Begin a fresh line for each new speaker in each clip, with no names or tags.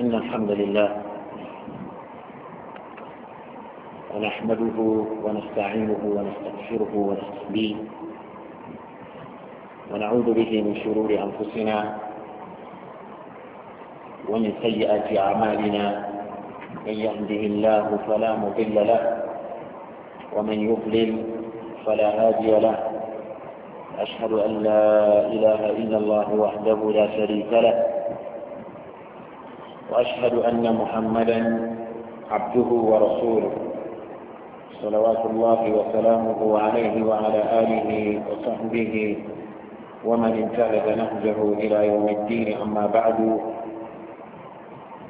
إن الحمد لله ونحمده ونستعينه ونستغفره ونستهديه ونعوذ به من شرور أنفسنا ومن سيئات أعمالنا من يهده الله فلا مضل له ومن يضلل فلا هادي له أشهد أن لا إله إلا الله وحده لا شريك له وأشهد أن محمدا عبده ورسوله صلوات الله وسلامه عليه وعلى آله وصحبه ومن انتهز نهجه إلى يوم الدين أما بعد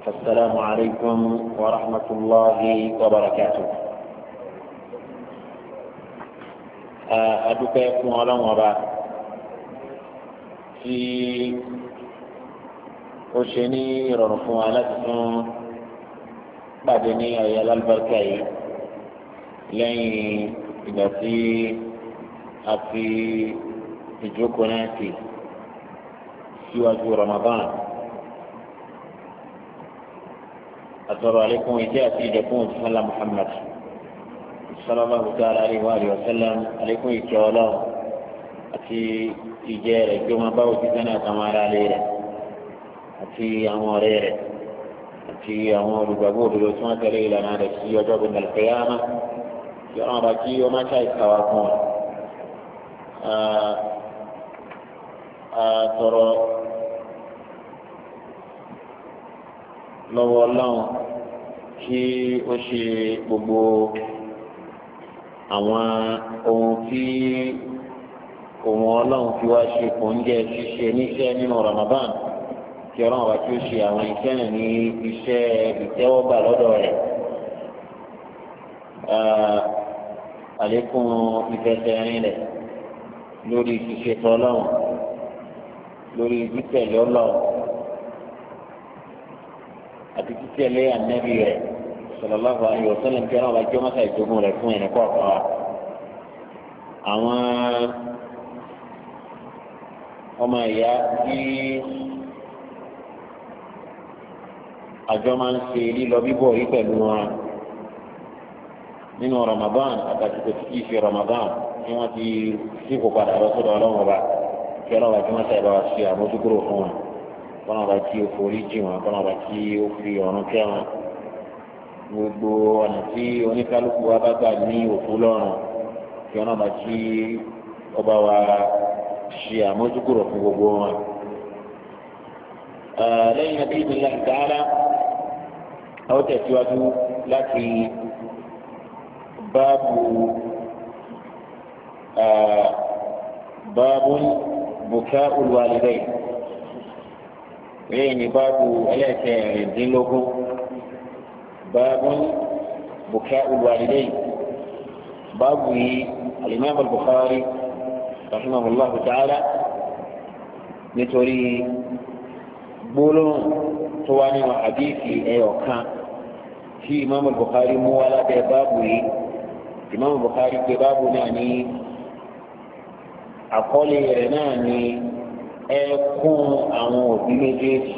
فالسلام عليكم ورحمة الله وبركاته آه، أدوك يكون أولا وبا في ó ṣe ní ìrọ̀rùn fún wa láti fún
pàdé ní ọ̀yà lálùbáríkà yìí
lẹ́yìn ìgbà tí a fi ìjókòó náà tì síwájú Ramadan àtọ̀rọ̀ àlékún ìjẹ́ àti ìdẹ̀kùn ìsọ́lá Muhammad sallallahu ta'ala alayhi wa sallam àlékún ìjọ ọlọ́run àti ìjẹ́ rẹ̀ gbé wọn bá òjijì náà tàwọn rẹ̀ àti àwọn ọ̀rẹ́ rẹ̀ àti àwọn olùgbàgbọ́ òdodo tí wọ́n tẹ̀lé ìlànà rẹ̀ sí ọjọ́ gbogbo àlùkẹ́yàmá kí ọ̀rọ̀ bá kí ọmọ ṣá ìkàwá fún ọ. àtọ̀rọ̀ lọ́wọ́ ọlọ́run kí ó ṣe gbogbo àwọn ohun tí òun ọlọ́run fi wá ṣe kò ń jẹ́ ṣíṣe níṣẹ́ nínú Ramadan kí ọlọ́run bá tí ó ṣe àwọn iṣẹ́ náà ní iṣẹ́ ìtẹ́wọ́gbà lọ́dọ̀ rẹ̀ àlékún ìfẹsẹ̀rin rẹ̀ lórí ṣíṣe tọ́lọ́run lórí títẹ̀lé ọlọ́run àti títẹ̀lé ànábì rẹ̀ sallallahu alaihi wasallam kí ọlọ́run bá jẹ́ mọ́tà ìjogún rẹ̀ fún ẹnì kọ̀ọ̀kan wa àwọn ọmọ ìyá tí àjọ máa ń ṣe lílọ bíbọ̀ yìí pẹ̀lú wọn nínú Ramadan àtàkùkọ tí kì í ṣe Ramadan tí wọ́n ti sípò padà lọ sọ́dọ̀ ọlọ́run ọba kí ọlọ́run àti wọn ṣàìbá wa ṣe àmójúkúrò fún wọn kọ́nà ọba kí o forí jì wọn kọ́nà ọba kí o fi ọ̀run kẹ́ wọn gbogbo ọ̀nà tí oníkálukú wa bá gbà ní òkú lọ́rùn kí ọ̀nà ọba kí ọba wa ṣe àmójúkúrò fún gbogbo wọn. lẹ́yìn àbí ìdílé àgbáyà àwọn tẹ̀síwájú láti báàbù báàbù bùkà olùwàlẹ́dẹ́ lẹ́yìn ní báàbù ẹlẹ́kẹ̀ẹ́dínlógún báàbù bùkà olùwàlẹ́dẹ́ báàbù yìí alimami al-Bukhari rahimahullahu ta'ala nítorí gbólóhùn tó wá nínú àdìsí ẹyọ kan tí ìmáàmù Bukhari mú wá lábẹ́ báàbù yìí ìmáàmù Bukhari pé báàbù náà ní àkọlé rẹ̀ náà ní ẹkún àwọn òbí méjèèjì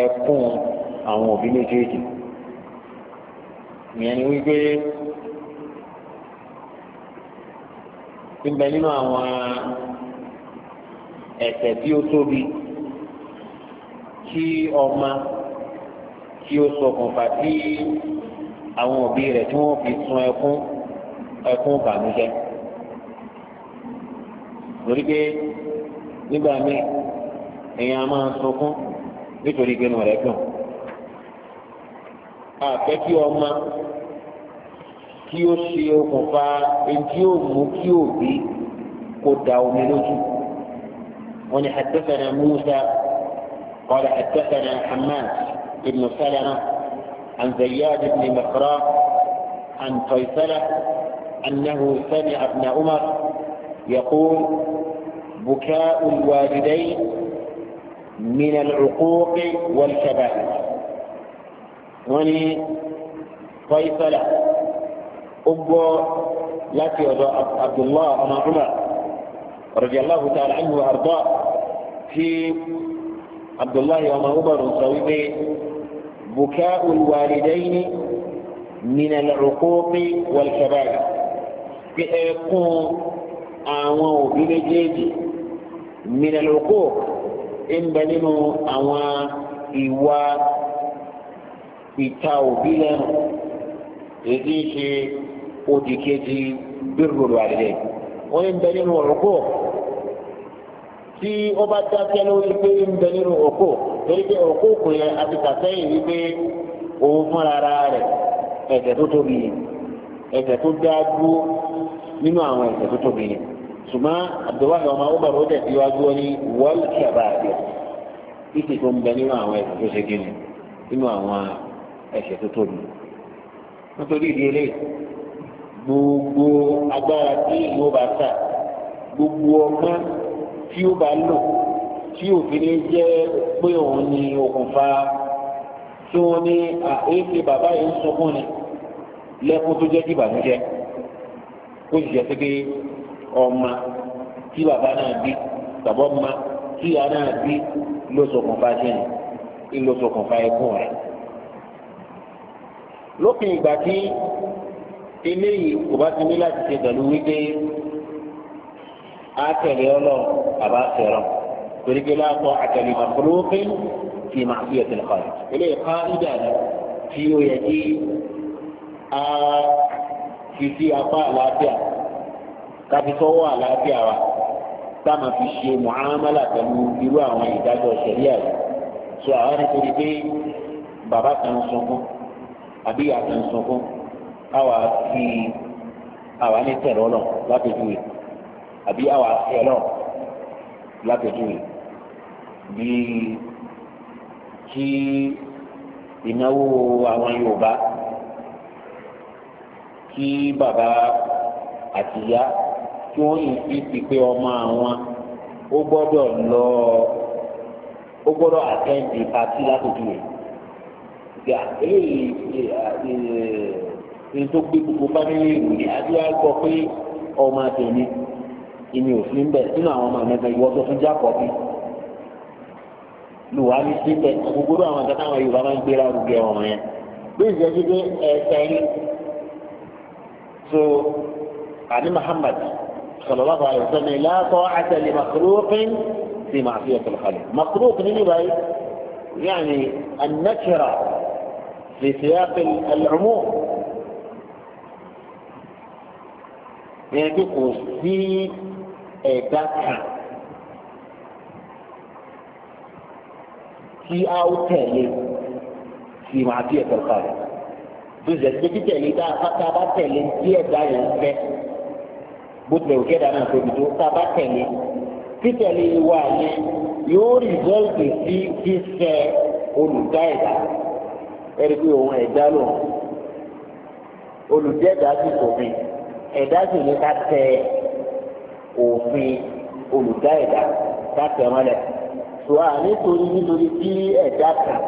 ẹkún àwọn òbí méjèèjì ìyẹn ni wípé ń nínú àwọn ẹ̀ṣẹ̀ tí ó tóbi kí ọmọ kí ó ṣokùnfà tí àwọn òbí rẹ̀ tí wọ́n fi sun ẹkún ẹkún bànújẹ́ torí pé nígbà míì èèyàn máa ń sunkún nítorí pé nù rẹ̀ dùn àfẹ́ kí ọmọ kí ó ṣe okùnfà èyí tí ó mú kí òbí kó da omi lójú wọn ni àtẹ́fẹ́ náà mú sáà. قال حدثنا حماد بن سلمة عن زياد بن مقراء عن قيصلة أنه سمع ابن عمر يقول بكاء الوالدين من العقوق والكبائر وني قيصلة أبو لاتي عبد الله أنا عمر رضي الله تعالى عنه وأرضاه في abdullahi ọmọ umaru sọ wípé bùkẹ́ olùwàlídẹ́yìn minal uquqi wal kaba'ir pé ẹkún àwọn òbí méjèèjì minal uquq ń bẹ nínú àwọn ìwà ìta òbí lẹ́nu èdè ṣe òdìkejì birrul walidayni wọ́n ń bẹ nínú uquq tí ó bá dákẹ́ lórí pé ń bẹ nínú òkú torí pé òkú kò yẹ àti kàtẹ́yìn wípé òun fúnra rẹ̀ ẹ̀ṣẹ̀ tó tóbi ẹ̀ṣẹ̀ tó dáa nínú àwọn ẹ̀ṣẹ̀ tó tóbi ni ṣùgbọ́n Abdullahi ọmọ ọgbà ló tẹ̀sí wá dúró ní wọ́ọ̀lù kẹba àbẹ̀ títí tó ń bẹ nínú àwọn ẹ̀ṣẹ̀ tó ṣe gíni nínú àwọn ẹ̀ṣẹ̀ tó tóbi nítorí ìdí gbogbo agbára tí ìlú bá ta gbogbo ọgbọ́n tí ó bá lò tí òfin jẹ́ pé òun ni okùnfà tí wọ́n ní àéfé bàbá yìí ń sunkún ni lẹ́kún tó jẹ́ ìbànújẹ́ kó sì jẹ́ pé ọmọ tí bàbá náà bí tàbí ọmọ tí ìyá náà bí ló ṣokùnfà ṣe ni ló ṣokùnfà ẹkún rẹ̀. lópin ìgbà tí eléyìí kò bá ti ní láti ṣe pẹ̀lú wípé á tẹ̀lé ọlọ́run àbá tẹ̀rọ torí pé láàpọ̀ àtẹ̀lé màkúrúkín fi máa fi ẹ̀sìn kan ilé ìka ìdá ni tí ó yẹ kí a fi sí apá àlàáfíà káfi sọ́wọ́ àlàáfíà wa tá a máa fi ṣe mùámálà pẹ̀lú irú àwọn ìdájọ́ ṣẹ̀ríà yìí so àwọn nítorí pé bàbá kan sunkún àbí ìyá kan sunkún àwa fi àwa ní tẹ̀rọ lọ lápẹ̀jú yìí àbí àwọn àṣẹ náà látọ̀júwe bíi kí ìnáwó àwọn Yorùbá kí bàbá àtìyá kí wọ́n yìí fi ti pé ọmọ àwọn ó gbọ́dọ̀ lọ ó gbọ́dọ̀ àtẹ́ǹdì pàtí látọ̀júwe gbà eléyìí ní tó gbé gbogbo fámìlì ìròyìn adúlá gbọ́ pé ọmọ àtẹ̀mí ìní òfin bẹ nínú àwọn ọmọ ẹgbẹ́ ìwọ tó tún já kọbí lùwà ní síbẹ̀ gbogbo àwọn ìgbà táwọn Yorùbá máa ń gbéra rúgẹ ọmọ yẹn bí ìjẹ́ sí pé ẹ̀ẹ́sẹ̀ yín so àní Muhammad sallallahu alaihi wasallam la ta'ata li makhluqin fi ma'siyatil khaliq makhluq nínú báyìí yàní an-nakira fi siyaq al-umum kí kò sí ẹ̀dá kan tí a ó tẹ̀lé sì máa bí ẹ̀kọ́ kalẹ̀ tó ṣe pé títẹ̀lé tá a bá tá a bá tẹ̀lé tí ẹ̀dá yẹn ń fẹ́ bó tilẹ̀ òkè dáná tóbi tó tá a bá tẹ̀lé títẹ̀lé wa yẹn yóò rìsọ́ọ̀tì sí fífẹ́ olùdá ẹ̀dá ẹ̀rí pé òun ẹ̀dá lòun olùdẹ́ẹ̀dá sì tòbi ẹ̀dá sì ní ká tẹ̀ ẹ́ òfin olùdá ẹ̀dá láti ẹ̀wọ̀n rẹ̀ tó a nítorí nítorí bí ẹ̀dá kan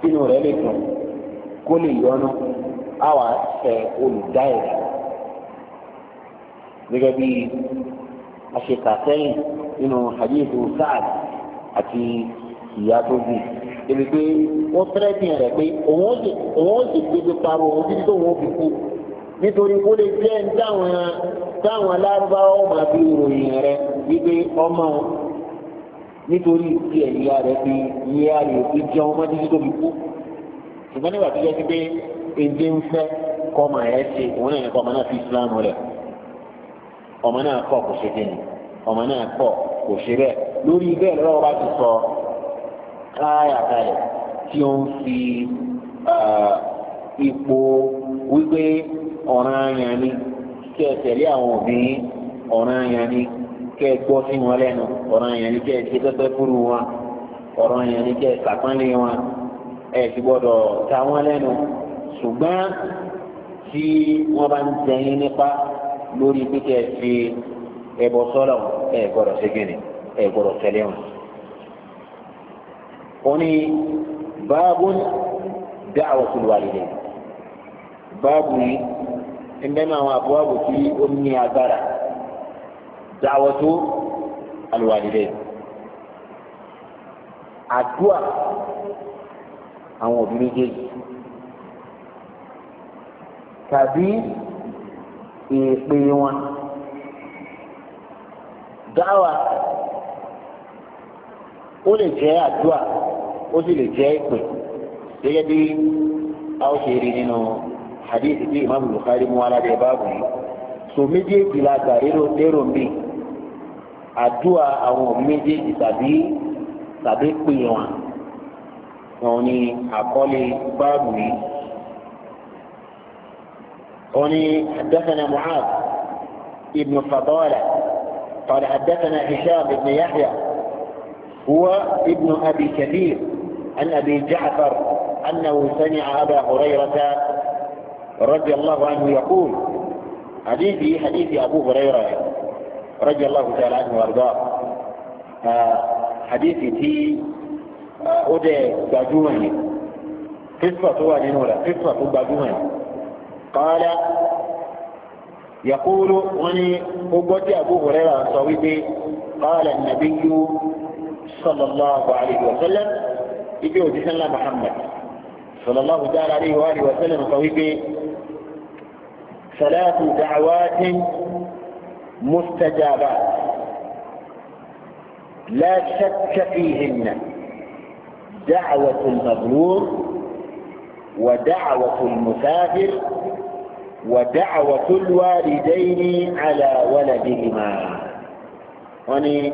sínú rẹ̀ lè dùn kó lè yọnu a wà ṣe olùdá ẹ̀dá gẹ́gẹ́ bí aṣèkà sẹ́yìn nínú hadith Sa'ad àti ìyá tó bì ebi pé wọ́n tẹ́lẹ̀ tiẹ̀ rẹ̀ pé òun ó sì gbégbé parọ́ òun títí tó òun ó fi kú nítorí kó lè jẹ́ táwọn táwọn lárúbáwá ọmọ àti ìròyìn rẹ wípé ọmọ nítorí tí ẹ̀yà rẹ fi yíyá rẹ fi jẹ́ ọmọ títí tó fi kú ṣùgbọ́n nígbà tó yẹ sí pé èdè ń fẹ́ kọ́mọ ẹ̀ ṣe òun náà kọ́ ọmọ náà fi Islam rẹ̀ ọmọ náà kọ́ kò ṣe dé ni ọmọ náà kọ́ kò ṣe bẹ́ẹ̀ lórí bẹ́ẹ̀ lọ́wọ́ bá ti sọ káyà kalẹ̀ tí ó ń fi ipò wípé ọ̀ranyàn ni kẹ́ ẹ tẹ̀lé àwọn òbí yín ọ̀ranyàn ni kẹ́ ẹ gbọ́ sí wọn lẹ́nu ọ̀ranyàn ni kẹ́ ẹ ṣe pẹ́pẹ́ fúru wọn ọ̀ranyàn ni kẹ́ ẹ ṣàpọ́nlé wọn ẹ ti gbọ́dọ̀ ta wọ́n lẹ́nu ṣùgbọ́n tí wọ́n bá ń jẹyìn nípa lórí pípẹ́ fi ẹbọ sọ́lọ̀ ẹ gbọ́dọ̀ ṣe ẹ gbọ́dọ̀ tẹ̀lé wọn. ó ní báàbù dá'watul walidayn báàbù yìí ẹgbẹ́nu àwọn àbúwàbò tí ó ní agbára dáwọ́tó alùwàlídẹ́ àdúà àwọn òbí méjèèjì tàbí èèpè wọn dáwà ó lè jẹ́ àdúà ó sì lè jẹ́ ìpè gẹ́gẹ́ bí a ó ṣe rí nínú. حديث دي امام البخاري موالا دي بابو سوميجي بلا تاريرو تيرو مي ادوا او ميجي تابي تابي كويوان اوني اقولي بابو اوني حدثنا معاذ ابن فضالة قال حدثنا هشام بن يحيى هو ابن ابي كثير عن ابي جعفر انه سمع ابا هريره رضي الله عنه يقول حديثي حديث أبو هريرة رضي الله تعالى عنه وأرضاه حديثي تي أودي باجومني قصة ونورة قصة باجومني قال يقول وني قبت أبو هريرة صويبي قال النبي صلى الله عليه وسلم إجوا محمد صلى الله تعالى عليه وآله وسلم صويبي ثلاث دعوات مستجابات لا شك فيهن دعوة المبرور ودعوة المسافر ودعوة الوالدين على ولدهما وني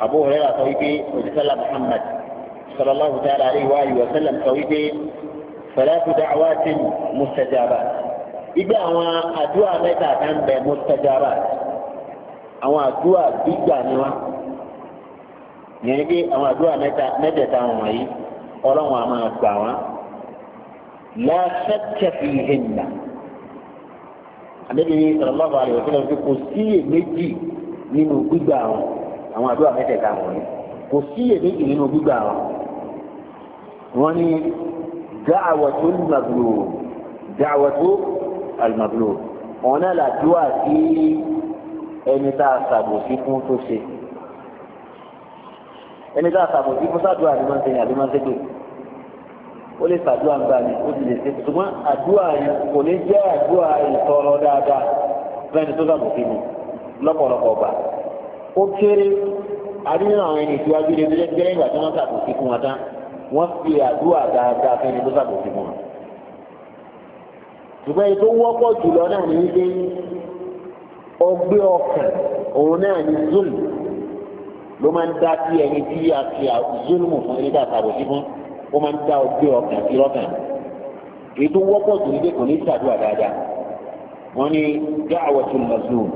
أبو هريرة صويبي وجسل محمد صلى الله تعالى عليه وآله وسلم صويبي ثلاث دعوات مستجابات gbígbé àwọn àdúrà mẹ́ta kan bẹ̀ mustajaba àwọn àdúrà gbígbà ni wá yẹn ni pé àwọn àdúrà mẹ́ta mẹ́tẹ̀ẹ̀ta wọ̀nyí ọlọ́run àmọ́ àgbà wọn lásẹ̀kẹ̀fì ìhìnnà àdébìyí sallallahu alaihi wasallam fi kò síyè méjì nínú gbígbà wọn àwọn àdúrà mẹ́tẹ̀ẹ̀ta wọ̀nyí kò síyè méjì nínú gbígbà wọn wọn ni dáàwọ̀tò nàgbò dáàwọ̀tò al-maglub òun náà làdúrà sí ẹni tá a ṣàbòsí fún tó ṣe ẹni tá a ṣàbòsí fún sàdúrà ni wọ́n ń ṣe le àdúmọ̀ṣẹ́gbè ó lè ṣàdúrà ń gbà ní ó ti lè ṣe ṣùgbọ́n àdúrà yẹn kò ní jẹ́ àdúrà ìtọrọ dáadáa fẹ́ni tó ṣàbòsí ni lọ́pọ̀lọpọ̀ ọba ó kéré àdínà àwọn ẹni ìtiwájú lè fi jẹ́ gbẹ́rẹ́ ìgbà tí wọ́n ṣàbòsí fún wọn tán wọ́n fi àdúrà dáadáa fẹ́ni tó ṣàbòsí fún wọn ṣùgbọ́n èyí tó wọ́pọ̀ jùlọ náà ní wípé ọgbẹ́ ọkàn òun náà ní zulm ló máa ń dá sí ẹni tí a ti zulm fún ẹni tá a tàbọ̀ sí fún ó máa ń dá ọgbẹ́ ọkàn sí lọ́kàn èyí tó wọ́pọ̀ jù nígbè kò ní ṣàdúrà dáadáa wọ́n ní da'watul mazlum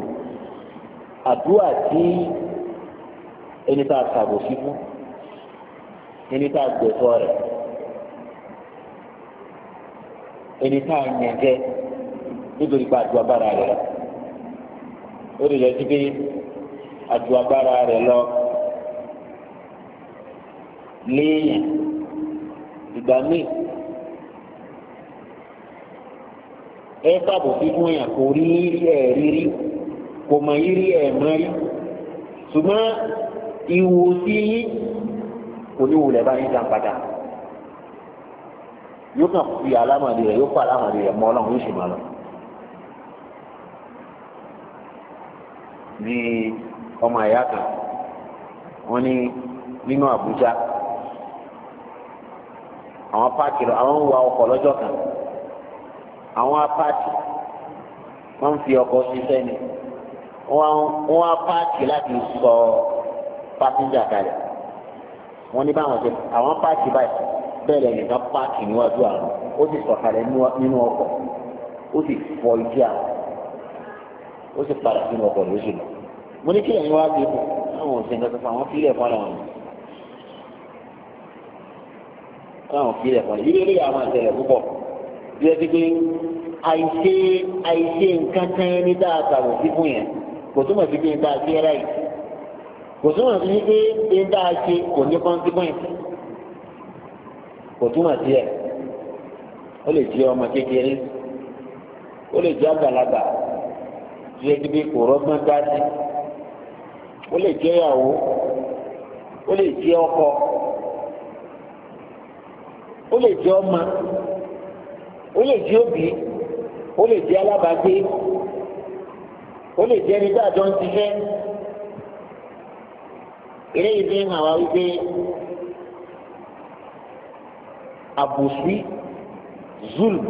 àdúrà tí ẹni tá a tàbọ̀ sí fún ẹni tá a gbẹ̀tọ́ rẹ̀ ẹni tá a yàn jẹ nítorí pé àjù agbára rẹ lọ ó lè lọ sí pé àjù agbára rẹ lọ léèyàn ìgbà míì ẹ sábò fífún èèyàn kò rí ẹ rírí kò mọ rírí ẹ mọ rí ṣùgbọ́n ìwòsí yín kò ní wulẹ̀ báyìí dá padà yóò kàn fi alámọ̀dé rẹ̀ yóò kọ́ alámọ̀dé rẹ̀ mọ́ ọlọ́run yóò sì máa lọ. ní ọmọ àyà kan wọ́n ní nínú Àbújá àwọn páàkì rẹ̀ àwọn ń wa ọkọ̀ lọ́jọ́ kan àwọn apáàkì wọ́n ń fi ọkọ̀ ṣiṣẹ́ ni wọ́n á páàkì láti sọ pásíńjà kalẹ̀ wọ́n ní báwọn ṣe àwọn páàkì báyìí bẹ́ẹ̀ lẹ́yìn ká páàkì níwájú àrùn ó sì sọ̀kalẹ̀ nínú ọkọ̀ ó sì fọ iṣẹ́ àrùn ó sì padà sínú ọkọ̀ lóṣù lọ. mo ní kí ẹ̀yin wá bí ibù àwọn òsè nǹkan tuntun àwọn fílẹ̀ fún àwọn yìí káwọn fílẹ̀ fún àwọn yìí lórí àwọn àtẹlẹ púpọ̀ bí ẹ ti pé àìṣe àìṣe nǹkan kan ní dáadáa wò sí fún yẹn kò túmọ̀ sí pé ń dáa sí ẹ láì kò túmọ̀ sí pé ń dáa ṣe kò ní kò túmọ̀ sí ẹ̀ ó lè jẹ́ ọmọ kékeré ó lè jẹ́ àgbàlagbà tí ẹni bí kò rọ́gbọ́n dá sí ó lè jẹ́ ìyàwó ó lè jẹ́ ọkọ ó lè jẹ́ ọmọ ó lè jẹ́ òbí ó lè jẹ́ alábàágbé ó lè jẹ́ ẹni tí àjọ ń ṣiṣẹ́ eré ìdí hàn wá wípé àbòsí zulm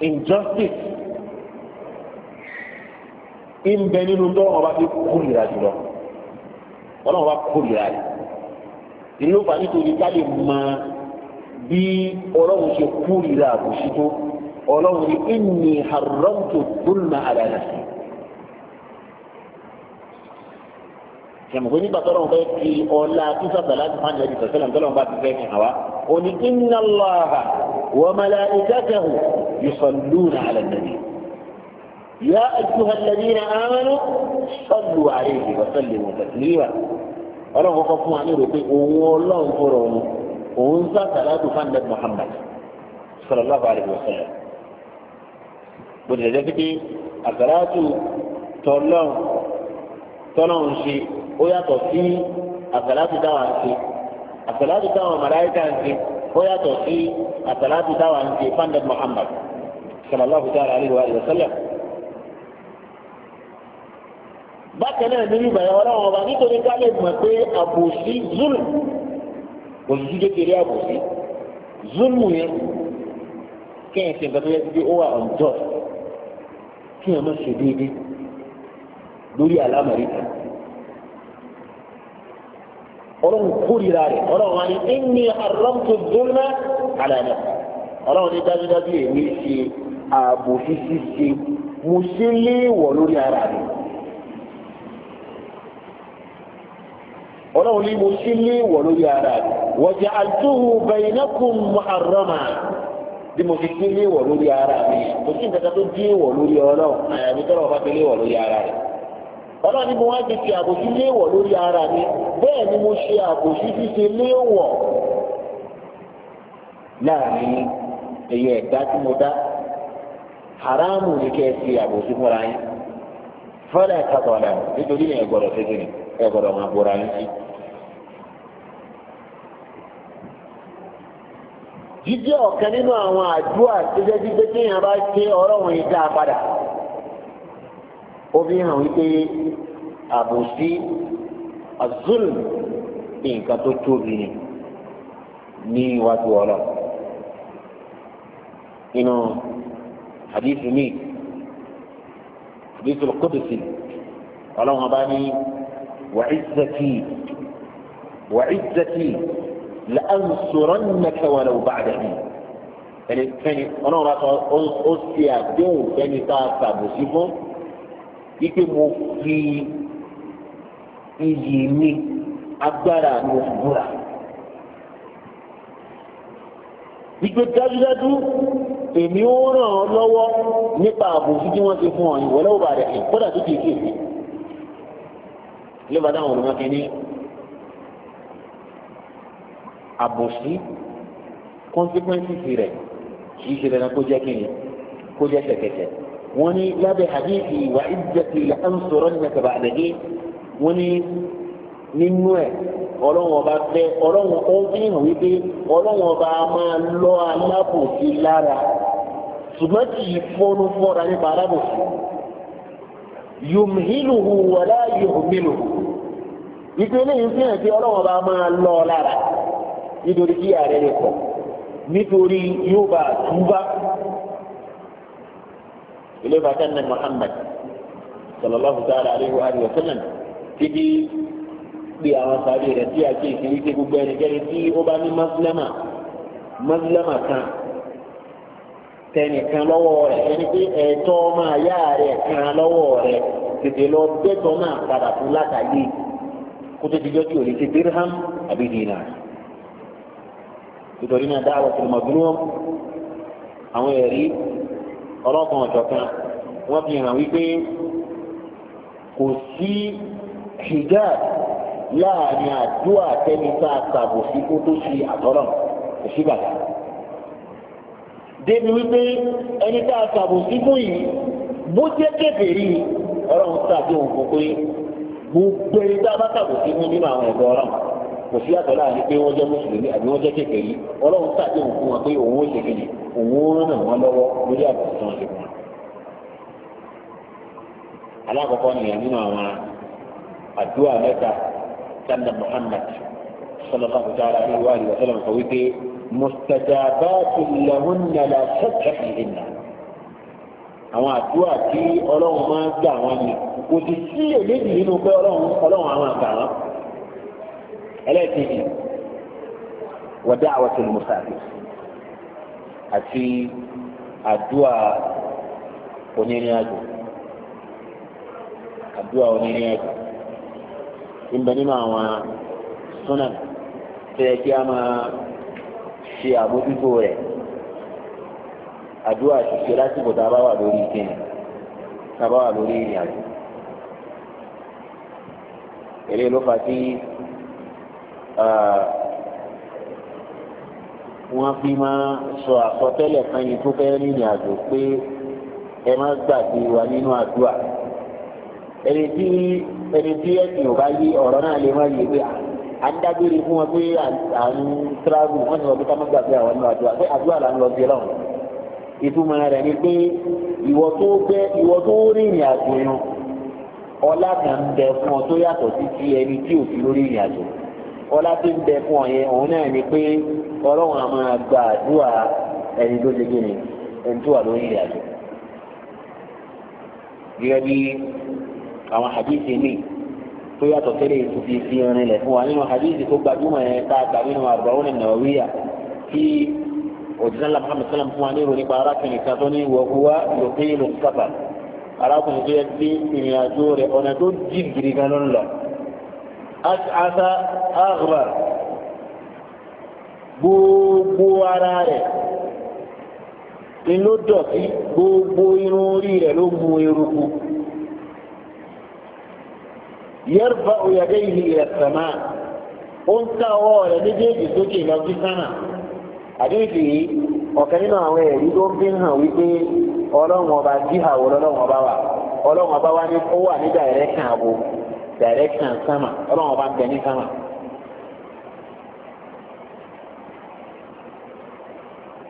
injustice ń bẹ nínú tọ́wọ́n bá fi kórìíra jùlọ ọlọ́run bá kórìíra rẹ̀ ìlú fa nítorí ká lè mọ bí ọlọ́run ṣe kórìíra àbòsí tó ọlọ́run ní inni haramtu dhulma ala nafsi. sẹmùkú nígbà tọ́lọ́ fẹ́ fi ọlá tíṣà tàlá ti fáńdì ẹ̀dì sọ̀tẹ́lẹ̀ tọ́lọ́ bá ti fẹ́ fi hàn wá. ó ní inna Allaha wa malaikatahu yusalluna ala nabi. ya ayyuhal ladina amanu sallu alayhi wa sallimu taslima. ọlọ́run kọ́kọ́ fún wa ní ìrò pé òun ọlọ́run fọ̀rọ̀ òun òun sá tàlá ti fáńdì Muhammad sallallahu alayhi ó yàtọ̀ sí àsàlátù táwa ń ṣe àsàlátù táwa màláíkà ń ṣe ó yàtọ̀ sí àsàlátù táwa ń ṣe fandad Muhammad sallallahu ta'ala alayhi wa sallam. bákan náà nínú ìgbà yẹn ọlọ́run ọba nítorí ká lè mọ̀ pé àbòsí zulm òṣìṣú kékeré àbòsí zulm yẹn kéèyàn ṣe nǹkan tó yẹ kí ó wà ọ̀njọ́ kéèyàn má ṣe déédéé lórí àlámọ̀rí ọlọ́run kórìíra rẹ̀ ọlọ́run wa ni inni haramtu zulma ala nafsi ọlọ́run ní dájúdájú èmi ṣe ààbò ṣíṣí ṣe mo ṣe léèwọ̀ lórí ara rẹ̀ ọlọ́run ní mo ṣe léèwọ̀ lórí ara rẹ̀ wa ja'altuhu bainakum muharrama bí mo ṣe léèwọ̀ lórí ara rẹ̀ kò sí nǹkan tó dé lórí ọlọ́run àyàfi bá fi léèwọ̀ lórí ara rẹ̀. ọlọ́ni mo wá ti fi àbòsí léèwọ̀ lórí ara mi bẹ́ẹ̀ ni mo ṣe àbòsí ṣíṣe léèwọ̀ láàrin ẹ̀yẹ ẹ̀dá tí mo dá haramu ni kẹ́ ẹ fi àbòsí múra yín fọ́lá ìtàkùn nítorí ẹ̀ gbọ́dọ̀ ṣe kìnnì ẹ̀ gbọ́dọ̀ máa yín sí. jíjẹ́ ọ̀kan nínú àwọn àdúrà tó jẹ́ bá ṣe ọ̀rọ̀ wọn yìí dá ó fi hàn wípé àbòsí azul nǹkan tó tóbi ni ní iwájú ọ̀rọ̀ inú hadithu mi hadithu kudusi ọlọ́run ọba ní wàcísàkì wàcísàkì la'ansurannaka walau ba'da ni ẹnikẹ́ni ọlọ́run ọba sọ ó ṣe àdéhùn fẹ́ni tá a ṣàbòsí fún wípé mo fi iyì mi agbára mi ò
búra. wípé dájúdájú
èmi ó ràn ọ́ lọ́wọ́ nípa àbòsí tí wọ́n ti fún ọ ìwọ lọ́wọ́ bá rẹ̀ kódà tó ti kí èmi. lébàá táwọn olùmọ̀ kí ni àbòsí consequences rẹ̀ kì í ṣe dandan kó jẹ́ kí ni kó jẹ́ kẹ̀kẹ́kẹ́ wani labe hadithi wa izzati la ansurannaka ba'da ge wani nínú ẹ ọlọ́run ọba fẹ́ ọlọ́run ó fi hàn wípé ọlọ́run ọba máa lọ alábòsí lára ṣùgbọ́n kì í fọ́nú fọ́ra nípa alábòsí yomhiluhu wàlá yomhiluhu ìpè lẹ́yìn fi hàn pé ọlọ́run máa lọ lára nítorí kí ààrẹ rẹ̀ pọ̀ nítorí yóò bá túbá ilé bàtà ní Muhammad sallallahu ta'ala alayhi wa sallam títí pé àwọn sáré rẹ̀ tí a ṣe ìṣèlú ṣe gbogbo ẹnikẹ́ni tí ó bá ní mọ́sílámà mọ́sílámà kan tẹnìkan lọ́wọ́ rẹ̀ ẹni pé ẹ̀tọ́ ọmọ àyá rẹ̀ kan lọ́wọ́ rẹ̀ tètè lọ gbẹ́tọ̀ náà padà fún látàgé kó ti jọ́ tí ò lè ṣe dirham àbí dìínà. nítorí náà dáhùn ọ̀sẹ̀ mọ̀gbìnú àwọn ẹ̀rí ọlọ́kan ọ̀jọ̀kan wọ́n fi hàn wípé kò sí hijab láàrin àdúrà tẹ́ni tá a tàbò sí kó tó ṣe àtọ́nà kò sí bàtà. débi wípé ẹni tá a tàbò sí fún yìí bó jẹ́ kèfèrí ọlọ́run tàbí òun kò pé gbogbo ẹni tá a bá tàbò sí fún nínú àwọn ẹ̀gbọ́n ọlọ́run kò sí àtọ́lá ní pé wọ́n jẹ́ mùsùlùmí àbí wọ́n jẹ́ kékeré ọlọ́run tàbí òun fún wọn pé òun ó ṣe kejì òun ó ràn wọ́n lọ́wọ́ lórí àbùkù tó ń ṣe fún wọn. alákọ̀ọ́kọ́ nìyẹn nínú àwọn àdúrà mẹ́ta sanna Muhammad sallallahu ta'ala alayhi wa alihi wa sallam sọ wípé mustajabatu lahunna la shakka fihinna àwọn àdúrà tí ọlọ́run máa ń gbà wọn ni kò sì sí èlédìí nínú pé ọlọ́run ọlọ́run àwọn àgbà wọn ẹlẹ́ẹ̀kejì wọ́dà àwọn tó lè mú sáà àti àdúrà onírìnàjò àdúrà onírìnàjò ìbẹ̀ nínú àwọn súnà tó yẹ kí a máa ṣe àbójútó rẹ̀ àdúrà ṣiṣẹ́ lásìkò tá a wà lórí ìkíni tá a wà lórí ìrìnàjò èrè ló fà sí wọ́n fi máa sọ àsọtẹ́lẹ̀ kan yìí tó fẹ́ rìnrìn àjò pé ẹ má gbàgbé wa nínú àdúrà ẹni tí ẹni tí ẹ̀sìn ò bá yí ọ̀rọ̀ náà lè má yé pé àdágbére fún wọn pé à ń tíráàbù wọ́n ti sọ pé ká má gbàgbé àwọn nínú àdúrà pé àdúrà là ń lọ sí ọlọ́run ìtumọ̀ rẹ̀ ni pé ìwọ tó gbẹ ìwọ tó rìnrìn àjò yẹn ọlá kan bẹ fún ọ tó yàtọ̀ sí ti ẹni tí ò sí lórí ìrìn àjò ọlá tí ń bẹ fún ọ yẹn òun náà ni pé ọlọ́run á máa gba àdúrà ẹni tó ṣe kí ni ẹni tó wà lórí ìrìn àjò. gẹ́gẹ́ bí àwọn hadithi mi tó yàtọ̀ tẹ́lẹ̀ tó fi fi rinlẹ̀ fún wa nínú hadithi tó gbajúmọ̀ yẹn tá a gbà nínú àrùbáwọn nàwíyà tí òjìlélá muhammed sallam fún wa ní ìròyìn pa arákùnrin kan tó ní wọ̀húwá lòpin lòpin sábà arákùnrin tó yẹ أشعث أغبر gbogbo ara rẹ̀ inú dọ̀tí gbogbo irun orí rẹ̀ ló mú eruku yẹ́rùbá òyàdé ìlú ilẹ̀ sàmà ó ń ká ọwọ́ rẹ̀ méjèèjì sókè lọ sí sánà àdéhùn yìí ọ̀kan nínú àwọn ẹ̀rí tó ń direction sama ọlọ́run ọba ń bẹ ní sama.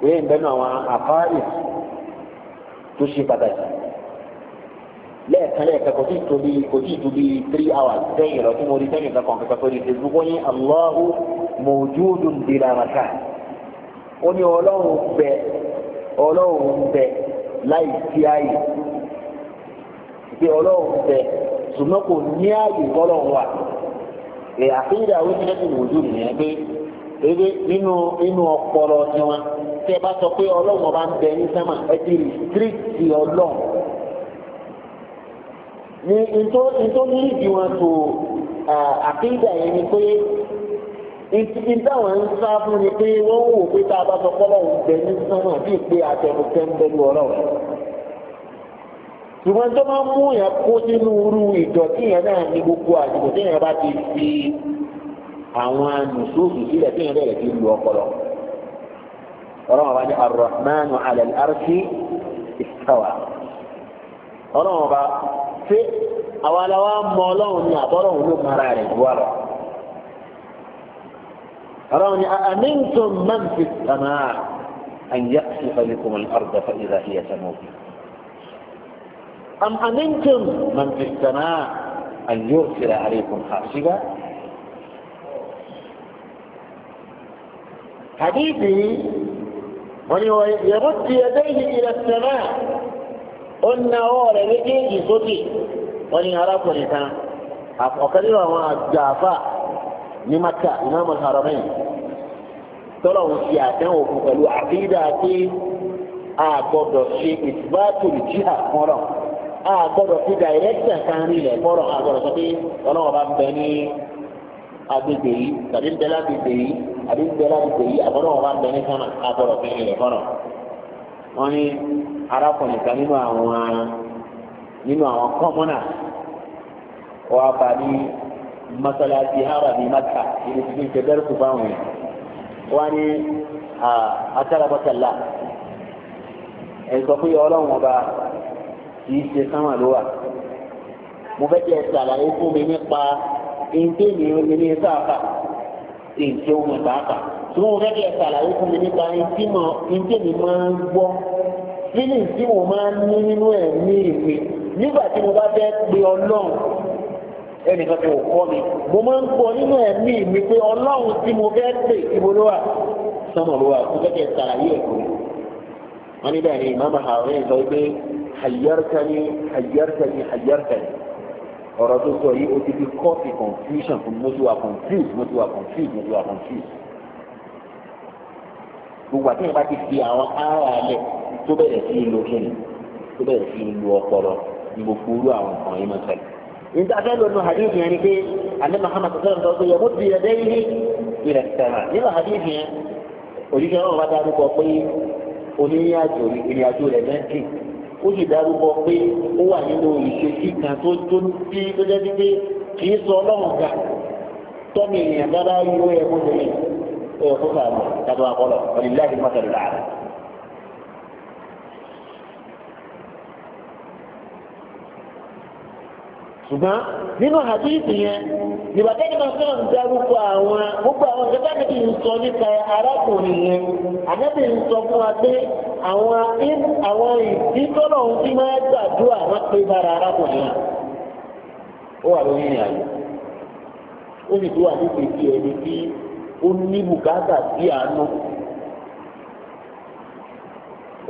wíyẹn ń bẹ nínú àwọn àfáàrí tó ṣe pàtàkì lẹ́ẹ̀kan lẹ́ẹ̀kan kò tí ì tóbi kò tí ì tóbi three hours sẹ́yìn lọ tí mo rí sẹ́yìn kan kọ̀ọ̀kan kan sórí facebook wọ́n ní Allahu mawjudun bila makan ó ní ọlọ́run bẹ ọlọ́run bẹ láì sí ààyè pé ọlọ́run bẹ ṣùgbọ́n kò ní ààyè bọ́lọ̀ wà ẹ àkéyìdá àwọn oníṣẹ́ ti wò ojú nìyẹn pé ebe nínú inú ọpọlọ tiwọn tí ẹ bá sọ pé ọlọ́run ọba ń bẹ ní sẹ́mà ẹ ti rìstíríkì ọlọ́run ní nítorí nídìí wọn tó àkéyìdá yẹn ni pé ìtìkì táwọn ń sá fún ni pé wọ́n wò pé tá a bá sọ pé ọlọ́run bẹ ní sẹ́mà bíi pé àtẹnusẹ́ ń bẹ ní ọlọ́run. ṣùgbọ́n tó máa mú yẹn kó nínú irú ìdọ̀tí yẹn náà ní gbogbo àsìkò tí yẹn bá ti fi àwọn nùsùsù sílẹ̀ tí yẹn bẹ̀rẹ̀ fi lu ọpọlọ. ọlọ́run ọba ní arrahmanu alal arsi istawa. ọlọ́run ọba ṣé àwa la wá mọ ọlọ́run ní àbọ̀rọ̀hún ló mara rẹ̀ ju wa lọ. ọlọ́run ní amintum man fi samaa an yaksifa bikum al-arda fa idha hiya tamutu. أم أمنتم من في السماء أن يرسل عليكم حاسبا حبيبي ويرد يديه إلى السماء قلنا أولا لديه صوتي أراك كان أقرر ما جافا لمكة إمام الحرمين tọ́lọ́run ṣe وفقلوا عقيداتي أعطوا الشيء إثبات الجهة gbọ́dọ̀ a gbọ́dọ̀ fi dàìrẹ́kítà kan rinlẹ̀ fọ́rọ̀ a gbọ́dọ̀ sọ pé ọlọ́wọ́ bá ń bẹ ní agbègbè yìí tàbí ń bẹ lágbègbè yìí àbí ń bẹ lágbègbè yìí àbọ̀dọ̀wọ́ bá ń bẹ ní sánà a gbọ́dọ̀ fi rinlẹ̀ fọ́rọ̀. wọ́n ní arákùnrin kan nínú àwọn nínú àwọn kọ́mọ́nà wọ́n á bá ní masalasi hara bíi maka ibi tí ń ṣe bẹ́rù ni a yìí wọ́n ní àtàràbọ̀tàlá ẹ̀ sọ pé ọlọ́run ọba kì í ṣe sánmà ló wà mo fẹ́ kí ẹ ṣàlàyé fún mi nípa ìdíni omi ní sáfà ìdí omi pàápà tí mo fẹ́ kí ẹ ṣàlàyé fún mi nípa ìdíni máa ń gbọ́ feeling tí mo máa ń ní nínú ẹ̀ ní ìpè nígbà tí mo bá fẹ́ pe ọlọ́run ẹnìkan tó kọ́ mi mo máa ń gbọ́ nínú ẹ̀mí mi pé ọlọ́run tí mo fẹ́ pè ibo ló wà sọmọ ló wà fún kẹ́kẹ́ ṣàlàyé ẹ̀kọ́ wọn níbẹ̀ ni màmá àwọn ẹ̀ sọ pé حيرتني حيرتني حيرتني، ọ̀rọ̀ tó sọ yìí ó ti fi kọ́ọ̀tì confusion fún mo ti wà confused mo ti wà confused mo ti wà confused. gbogbo àti ìyàbá ti fi àwọn ara alẹ̀ tó bẹ̀rẹ̀ sí lo kíni tó bẹ̀rẹ̀ sí lo ọpọlọ ní gbogbo orú àwọn nǹkan yìí máa ṣẹlẹ̀. níta fẹ́ lọ nu hadith yẹn ni pé alẹ́ Muhammad sọ̀rọ̀ sọ̀rọ̀ pé yẹ̀wò ti yẹ dé ilé ilẹ̀ sẹ̀rà nínú hadith yẹn òṣìṣẹ́ náà wá dárúkọ pé oníyàjò rẹ̀ mẹ́tì ó sì dárúkọ pé ó wà nínú ìṣesí kan tó tó bí tó jẹ́ sí pé kì í sọ ọlọ́run ga tọ́mi èèyàn dáadáa yóò ẹ̀kọ́ tẹ̀lé ẹ̀kọ́ fàánù tàbí àkọlọ̀ ọ̀nìlá ìdí mọ́tàlélàá
ṣùgbọ́n nínú àdéhìsì yẹn ìbàdàn náà náà ń darúgbó àwọn gbogbo
àwọn ìjọba níbi ìsọ nípa arákùnrin yẹn ànábì ń sọ fún wa pé àwọn àwọn ìdí tọ́lọ̀ ń fi máa gbàdúrà wọn pé bára arákùnrin yẹn ó wà lórí ìrìn àjò ó sì tó wà nípa ẹni tí ó ní bùkátà sí àánú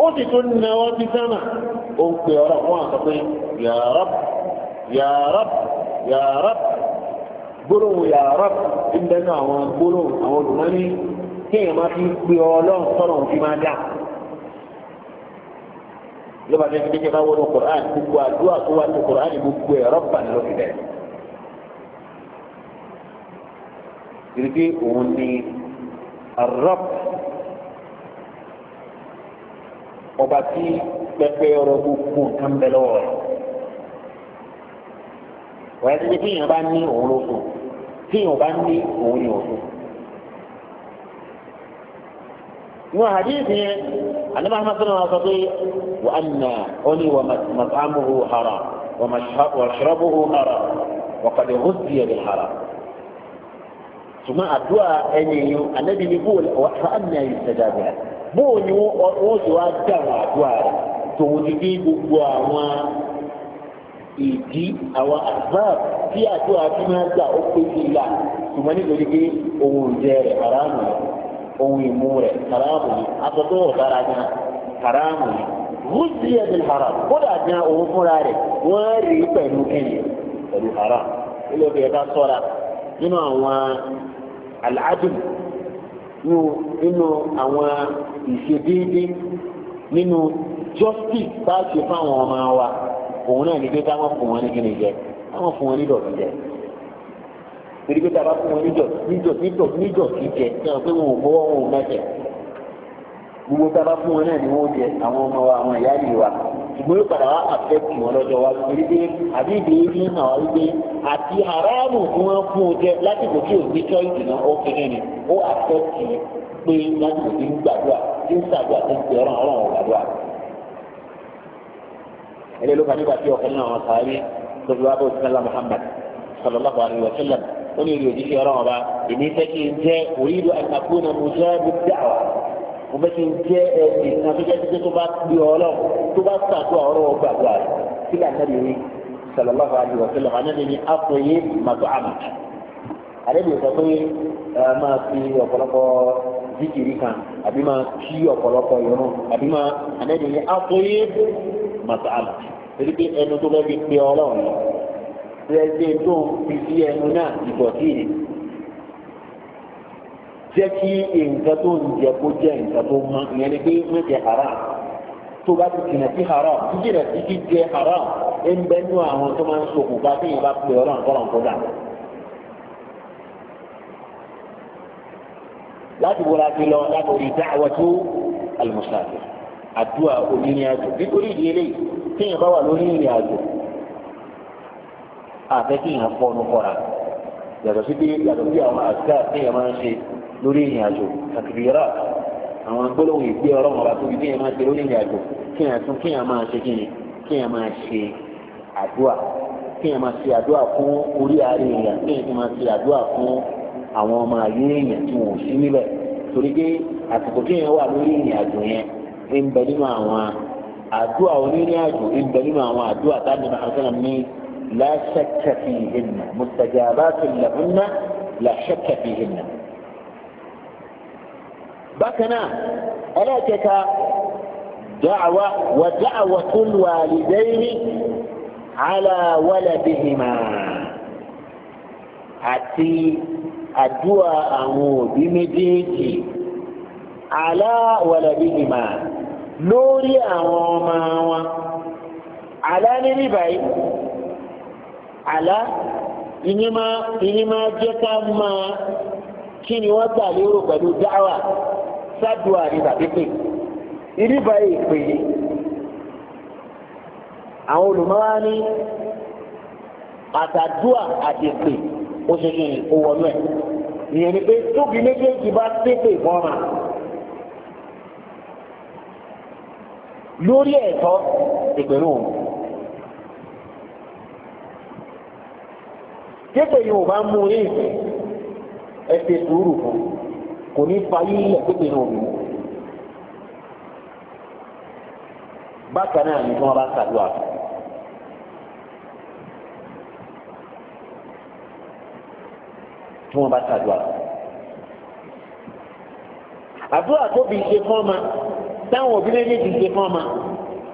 ó sì náwó sí ya rab ya rab gbólóhùn ya rab ń bẹ nínú àwọn gbólóhùn àwọn olùmọ́ni kéèyàn máa fi pe ọlọ́run tọ́lọ̀ fi máa dà ló bá dé ní kíkà wọnú Qur'an gbogbo àdúrà tó wà ní Qur'an gbogbo ẹ̀ rọ́bà ló fi bẹ̀rẹ̀. Ìrìkì òun ni arọ́b ọba tí pẹpẹ ọ̀rọ̀ gbogbo nǹkan bẹ lọ́wọ́ rẹ̀. wọ́n yẹ kí tíyàn bá ní òun ló sùn tíyàn bá ní òun ni ò sùn. inú àdéhùn yẹn àdébà máa sọ̀rọ̀ wọn sọ pé wà á nà ó ní fun hósì yẹn hàrà. ṣùgbọ́n àdúrà ẹni yìí ànábì ní bó wà á nà yìí sẹ́dá bẹ́ẹ̀ bó ni oun ni o sun inu adehun yen adeba maa soro won so pe won a na o ni wa matamuhu hara wa masobuhu hara wa pade hosi yen hara sugbon adura eni yii anabi ni bo wa a na yii seda bee bo ni won ti wá dá àwọn àdúrà rẹ̀ tòun ti dé gbogbo àwọn. ìdí àwọn àgbáàb tí àti àti máa gbà ó pé sí ilà ṣùgbọ́n nítorí pé ohun ìjẹ rẹ̀ haramu ni ohun ìmú rẹ̀ haramu ni asọ́tò ọ̀dára gan haramu ni rúùsì ẹ̀dẹ̀ haram kódà gan òun fúnra rẹ̀ wọ́n rí pẹ̀lú kíni pẹ̀lú haram ilé sọ́ra nínú àwọn aláàdùn nínú àwọn wa. òun náà ní pé ká wọ́n fún wọn ní kíni jẹ ká fún wọn jẹ torí pé fún wọn jẹ pé wọn ò fọwọ́ wọn ò mẹ́jẹ gbogbo fún wọn náà ni wọ́n jẹ àwọn ọmọ wa àwọn ìyá yìí wa ṣùgbọ́n ó padà wá wọn lọ́jọ́ wa torí pé àbí ní àwọn àti aráàlú tí wọ́n fún un jẹ ẹni ló fani gbàtí ọkàn náà wọn sáré tó fi wá bó sẹlẹ muhammad sallallahu alayhi wa sallam ó ní ìròyìn fi ọ̀rọ̀ ọba èmi fẹ́ kí n jẹ́ òyìnbó àgbàkúnà mo jẹ́ mo dà wá mo fẹ́ kí n jẹ́ ẹ̀sìn kan tó jẹ́ títí tó bá gbé ọlọ́ tó bá sàdúrà ọ̀rọ̀ ọgbà gbà rẹ̀ kí ni àná lè rí sallallahu alayhi wa sallam àná lè ní afọyé màtó àmà àdébìí sọ pé máa fi ọ̀pọ̀lọpọ̀ zikiri kan àbí máa kí ọ̀pọ̀lọpọ̀ yọ̀nù àbí máa àná lè ní afọyé masala torí pé ẹnu tó bẹ́ẹ̀ fi pe ọlọ́run rẹ́gbẹ́ tó ń fi sí ẹnu náà ìbọ̀tì rẹ̀ jẹ́ kí nǹkan tó ń jẹ kó jẹ́ nǹkan tó mọ́ ìyẹn ni pé má jẹ haram tó bá ti jìnà sí haram jíjìnà sí jíjẹ haram ń bẹ́ àwọn tó máa ń ṣokùnfà tí ìyẹn bá pe ọlọ́run kọ́lọ́n kó dà. láti wọlé àti lọ láti orí dáwọ́ tó alùmọ̀sáfẹ́ àdúrà onírìn àjò nítorí ìdí eléyìí téèyàn bá wà lórí ìrìn àjò àfẹ́ kéèyàn fọnù kọ́ra yàtọ̀ sí pé yàtọ̀ sí àwọn àṣà téèyàn máa ń ṣe lórí ìrìn àjò àkìrì yàrá àwọn gbólóhùn ìgbé ọ̀rọ̀ wọn bá tóbi kéèyàn máa ṣe lórí ìrìn àjò kéèyàn tún kéèyàn máa ṣe kíni kéèyàn máa ṣe àdúrà kéèyàn máa ṣe àdúrà fún orí àárín èèyàn kéèyàn máa ṣe àdúrà fún àwọn ọmọ àyè èèyàn ń bẹ nínú àwọn àdúrà onírìn àjò ń bẹ nínú àwọn àdúrà tábìlì mahamadu ní la shakka fihinna mustajabatun lahunna la shakka fihinna. bákan náà ẹlẹ́kẹta da'wa wa da'watul walidayni ala waladihima àti àdúrà àwọn òbí méjèèjì ala waladihima. lórí àwọn ọmọ wọn àlá ní níbàyí àlá ìyẹn máa jẹ́ ká máa kí ni wọ́n gbà lérò pẹ̀lú dáwà sádùá ní tàbípè ìníbàyí ìpè àwọn olùmọ́wá ní àtàdúà àti ìpè ó ṣe kí ni ó wọnú ẹ̀ ìyẹn ni pé tóbi méjèèjì bá tètè fọ́nrán. lórí ẹ̀tọ́ ìpẹ̀lú òun kéèké yóò bá mú ní ìfẹ́ ẹsẹ̀ sùúrù fún kò ní fayé ilẹ̀ kéèké náà mi bákan náà ni wọ́n bá ń ṣàdúrà fún. tí wọ́n bá ṣàdúrà fún. àdúrà tóbi ṣe fún ọmọ táwọn òbí méjèèjì ṣe fún ọmọ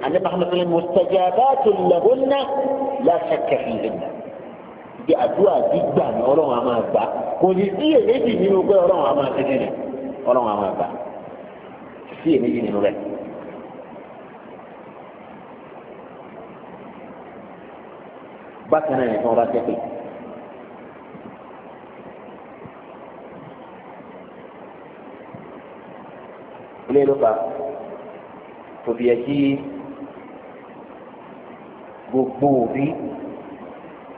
àní mahamadulayi mustajabatu lahunna la shakka fihinna bí àdúrà gbígbà ní ọlọ́run a máa gbà kò ní sí èméjì nínú pé ọlọ́run a máa ṣe nínú ọlọ́run a gbà sí èméjì nínú rẹ̀. bákan náà nìkan bá tẹ́pẹ́. ilé ló fà á tòbí ẹ kí gbogbo òbí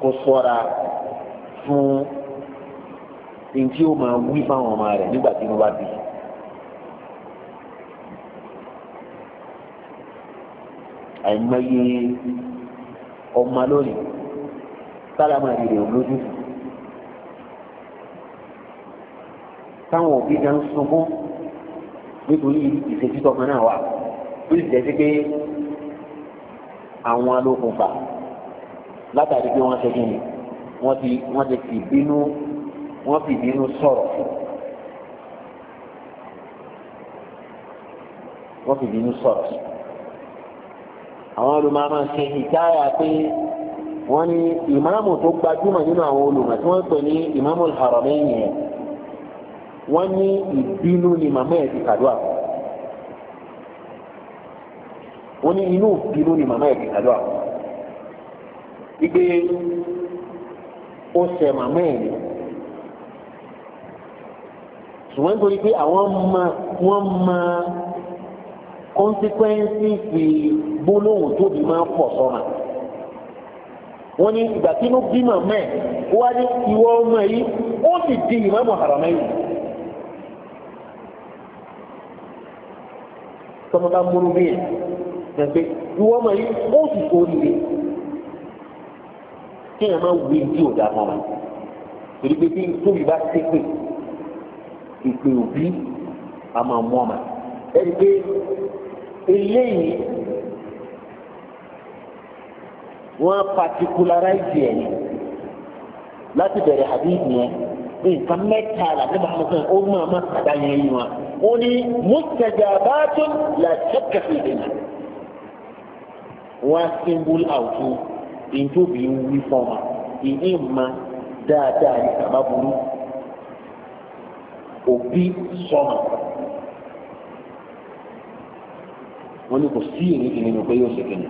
kó ṣọ́ra fún ntí ó máa wí fáwọn ọmọ rẹ̀ nígbà tí wọ́n bá bí i. àìmọye ọmọ lónìí sálámà rèé lójú táwọn òbí gan sunkún nítorí ìṣètítọ́ kan náà wà ó sì jẹ́ sí pé àwọn alókunfà látàrí pé wọ́n ṣe kí ni wọ́n ti wọ́n ti fi bínú wọ́n fi bínú sọ̀rọ̀ wọ́n fi bínú sọ̀rọ̀ àwọn olùmọ̀ọ́mọ́ ṣe ìdáyà pé wọ́n ní ìmáàmù tó gbajúmọ̀ nínú àwọn olùmọ̀ tí wọ́n pè ní ìmáàmù Haramain yẹn wọ́n ní ìbínú ni màmá ẹ̀ ti kàdúrà fún. ó ní inú ìbínú ni màmá ẹ̀ fi tàdó àwọn ìgbé ó ṣe màmá ẹ̀ ni ṣùgbọ́n nítorí pé àwọn mọ wọ́n mọ kọ́nsíkwẹ́nsì ti gbólóhùn tóbi máa ń pọ̀ sọ́mà wọ́n ní ìgbà tí inú bí màmá ẹ̀ ó wá ní ìwọ ọmọ yìí ó sì di ìmáàmù Haramain tọ́mọ bá múlú bí ẹgbẹ́ ìwọ́n mọ̀ yìí ó sì sórí rẹ̀ kí ẹ̀ máa wí bí ọ̀dà mọ́ra torí pé bí tóbi bá tẹ́pẹ̀ ìpè òbí a máa mú ọmọ ẹni pé eléyìí wọ́n particularize ẹ̀ láti bẹ̀rẹ̀ àdéhùn yẹn nǹkan mẹ́ta làbí mahamadu ó máa má kàdá yìí wọn ó ní mustajabatun la shakka fi ìdènà wọ́n á symbol out ìjọbi wí fọ́ọ̀mà ìní ma dáadáa ní sábà burú òbí sọ́mà wọ́n ní kò sí ìrìnkì nínú pé yóò ṣe kìnnì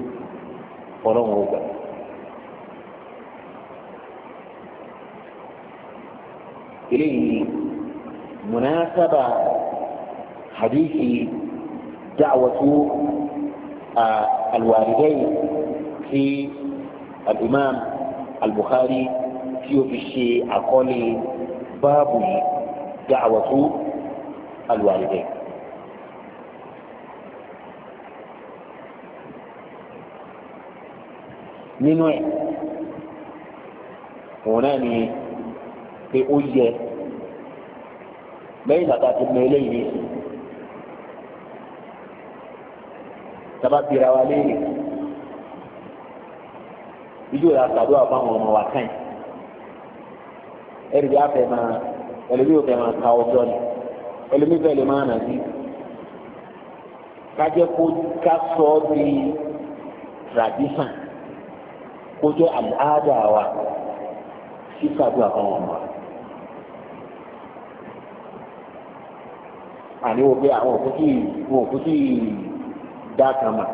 ọlọ́run ó gbà. eléyìí munasaba hadithi da'watu àlùwàrídẹ́yìn tí al-Imam al-Bukhari tí ó fi ṣe àkọlé báàbù yìí da'watu al-walidayn. nínú ẹ̀ òun náà ni pé ó yẹ lẹ́yìn bàtà ti mọ eléyìí nìyí. sábà bira wa léèrè ìjọ la sàdúrà fáwọn ọmọ wa kàn ẹ̀rí bí a fẹ́ máa ẹlòmí ò fẹ́ máa ka ọjọ́ ni ẹlòmí fẹ́ lè máa nà sí kájẹ́ kó ká sọ ọ́ di tradition kó jẹ́ àdáàdà wa sí sàdúrà fáwọn ọmọ wa. àní wo pé àwọn òkú tí wọn òkú tí dá kan mà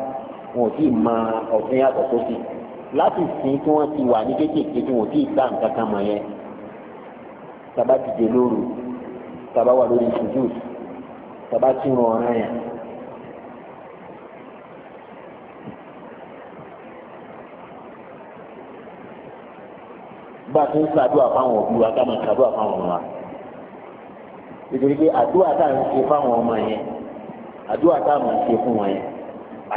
wọn ò tí ì mọ ọ̀fin yàtọ̀ sósì láti sìn tí wọ́n ti wà ní kéékèèké tí wọ́n ò tí ì dá nǹkan kan mọ̀ yẹn taba dìde lóru taba wà lórí sùdù taba tìrun ọ̀ràn yẹn. bá a ti ń ṣàdúrà fáwọn òbí wa ká máa ṣàdúrà fáwọn ọmọ wa nítorí pé àdúrà tá à ń ṣe fáwọn ọmọ yẹn àdúrà tá à máa ṣe fún wọn yẹn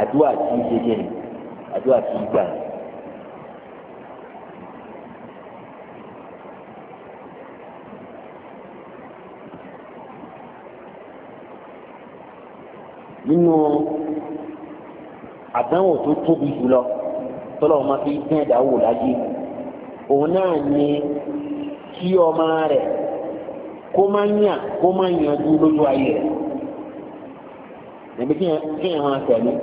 àdúrà tí ń ṣe yẹn àdúrà tí ń gbà yẹn. nínú àdánwò tó tóbi jùlọ tọ́lọ́ ọmọ fi dán ẹ̀dá wò láyé òun náà ni kí ọmọ rẹ̀ kó má yàn kó má yanjú lójú ayé rẹ̀ ẹ̀mí kí ẹ̀ máa tẹ̀lé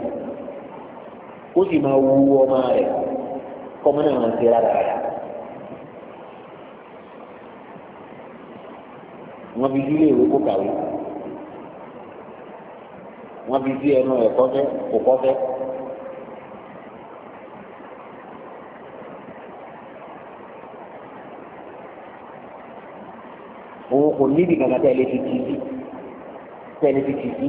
kó sì máa wu ọmọ rẹ̀ kọ́mọ náà máa ṣe rádaràdà. wọ́n fi sílé ìwé kó kàwé wọ́n fi sí ẹnu ẹ̀kọ́ fẹ́ kò kọ́ fẹ́. kò níbi kankan tẹ́ ẹ tì í sí tẹ́ tì í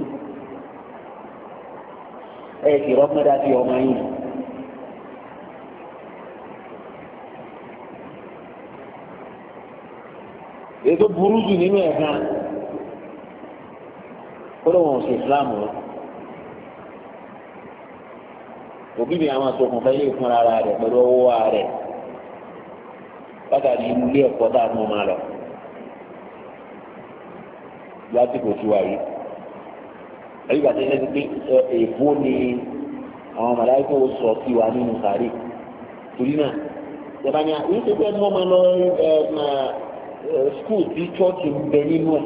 ẹ sì rọ́pọ́n dá sí ọmọ yìí. ètò burú jù nínú ẹ̀ kan kó ló wọn ò ṣe Islam òbí mi àwọn àtòkùnfẹ́ yìí fún ara rẹ̀ pẹ̀lú ọwọ́ rẹ̀ látàrí ilé ẹ̀kọ́ tá a mọ̀ máa lọ lásìkò tí wà ẹ̀yìn àti ẹ̀yìn pé èèbó ni àwọn màláìkò sọ sí wa nínú sàárè torí náà ìjọba ni àwọn ìṣèjọ ẹni wọn máa lọ skul tí chọọchì ń bẹ nínú ẹ.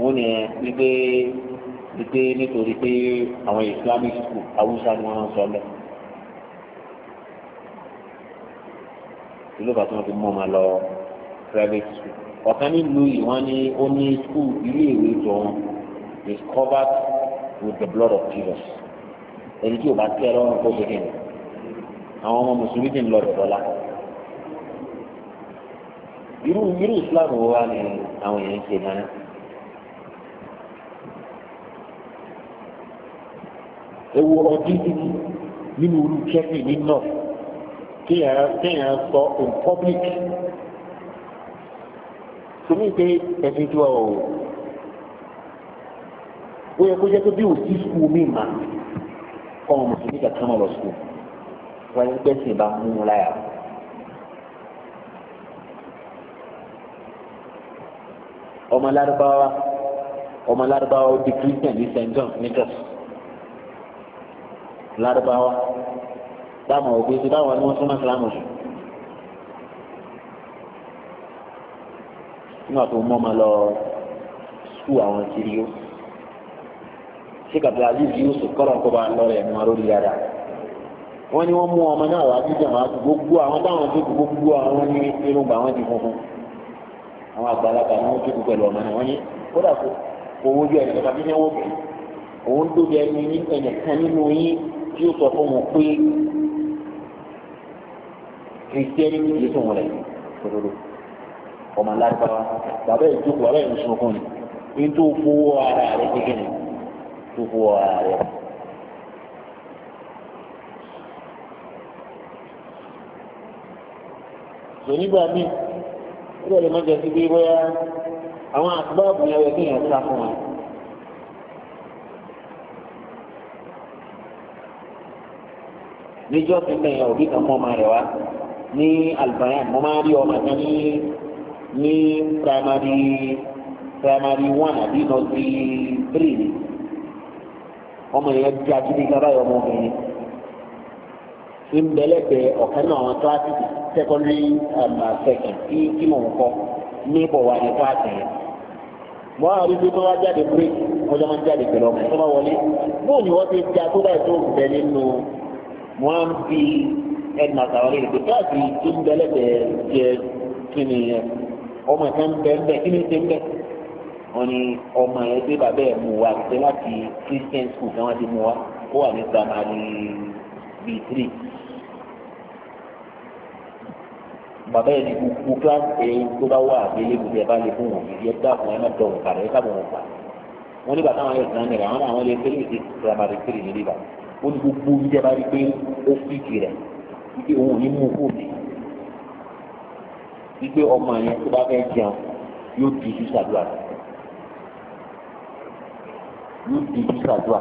wọ́n ní ẹ wípé wípé nítorí pé àwọn islamic school haúsá ni wọ́n sọ lẹ́yìn. ìlú ìbàdàn tí wọ́n fi mú ọmọ lọ private school ọ̀kan nílùú yìí wọ́n ní ó ní school ilé ìwé jọ̀ọ́n is covered with the blood of Jesus ẹni tí o bá tẹ́ ẹ lọ́rùn kó gbẹ́gẹ́ ni àwọn ọmọ mùsùlùmí ti ń lọ dọ̀dọ̀la irú irú Islam wo wá ni àwọn èèyàn ń ṣe náà. ewu ọdún títí nínú olú kẹ́fì ní north kéèyàn sọ in public sọmi pé ẹ̀sìn tiwa o ó yẹ kó jẹ́ pé bí o sí sukuu mi mà ọmọ mùsùlùmí kankan máa lọ sukuu wáyé gbẹ̀sìn bá mú un láyà. ọmọ Lárúbáwá ọmọ Lárúbáwá di christian ní st john nicholas Lárúbáwá dáàmà òbí ti báwọn ni wọ́n súnmọ́ sílámù jù nígbà tó mọ́ ma lọ sùkú àwọn kiri yó ṣé kàbílà yìí yóò sọ kọ́rọ̀ kó bá lọ rẹ̀ mọ́ lórí yàrá wọ́n ní wọ́n mú ọmọ náà wá jíjà máa tó gbogbo àwọn táwọn tó gbogbo àwọn ní irúgbà wọn ti funfun àwọn àgbàlagbà ni wọ́n tó pẹ̀lú ọmọ náà wọ́n ní kódà kó owó ju ẹ̀yìn tàbí ní wọ́n bẹ̀rẹ̀ òun tó bẹ ẹni ẹnìkan nínú yín tí ó sọ fún wọn pé kristiẹni yìí tó wọn rẹ òdodo ọmọ alágbára bàbá ìjókòó bàbá ìmùsùnkùn ni ní tó fowó ara rẹ kékeré tó fowó ara rẹ. lónígbà míì ó dẹ̀ lè má jẹ pé bóyá àwọn àtúbáàbò yẹn wẹ̀ kéèyàn sá fún wa. níjọ́ tí ń bẹ̀yàn òbí kan fún ọmọ rẹ̀ wá
ní albayan mo máa rí ọmọ kan
ní ní primary primary one àbí nursery three ni ọmọ yẹn di akíní kábà yọ ọmọbìnrin ní mbẹlẹgbẹ ọ̀kan náà àwọn kíláàsì secondary um, second tí tí mò ń kọ ní bọ̀ wá ní kíláàsì yẹn mo á rí bí wọ́n wá jáde break wọ́n jọ máa ń jáde pẹ̀lú ọmọ tó bóun ni wọ́n ti di atúbà tó ń nínú wọ́n á ẹ̀dùn àtàwọn ilé pé káàdì tó ń bẹ́lẹ̀ bẹ̀ jẹ kí ni ọmọ ẹ̀ka ń bẹ́ ń bẹ́ kí ni ṣe ń bẹ́ wọn ni ọmọ yẹn gbé bàbá ẹ̀ mú wa ṣe láti Christian school náà wọ́n ti mú wa ó wà ní primary b three bàbá yẹn ni kúkú kíláàsì ẹ̀yìn tó bá wà abẹ́lé gbèsè bá lè fún wọn yẹ dáàbò ẹ̀ má dọ̀ wọn kàrẹ́ ẹ̀ sábà wọn pa wọn ní bàtà wọn yẹ sàn nìyẹn àwọn àwọn ilé ẹgbẹ́ lè ṣe primary three nílé wọn ni gbogbo ìjẹba rí pé ó fi kiri rẹ̀ wípé òun ò ní mú kó mi wípé ọmọ yẹn tó bá fẹ́ jẹun yóò di ju sàdúrà yóò di ju sàdúrà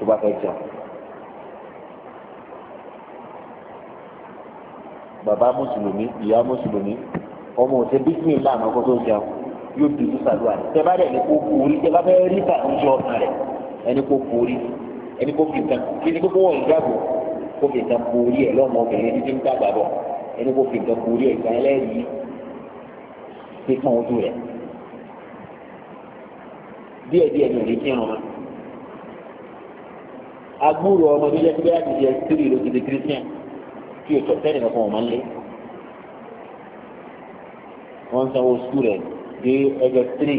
tó bá fẹ́ jẹun. bàbá mùsùlùmí ìyá mùsùlùmí ọmọ òsè bísímì lánàá kó tó jẹun yóò dùdú sàdúrà rẹ tẹ bá dẹ ní kó borí tẹ bá fẹ́ rí sàdúnjọ ọkàn rẹ ẹni kó borí ẹni kó fi kàn kí ni kókó wọ ìjábọ kó fi nǹkan kú orí ẹ̀ lọ́mọbìnrin títí ń dàgbà bọ̀ ẹni kó fi nǹkan kú orí ẹ̀ gan ẹlẹ́rìí ti kàn ojú rẹ̀ díẹ̀ díẹ̀ ni òní kírun ma agbóòrò ọmọ tó jẹ́ pé láti jẹ kiri ló ti di kírísíàn kí o tọ̀ sẹ́ni kankan ọ̀ma ńlẹ̀ wọ́n sanwó sukù rẹ̀ dé ẹgbẹ́ tírì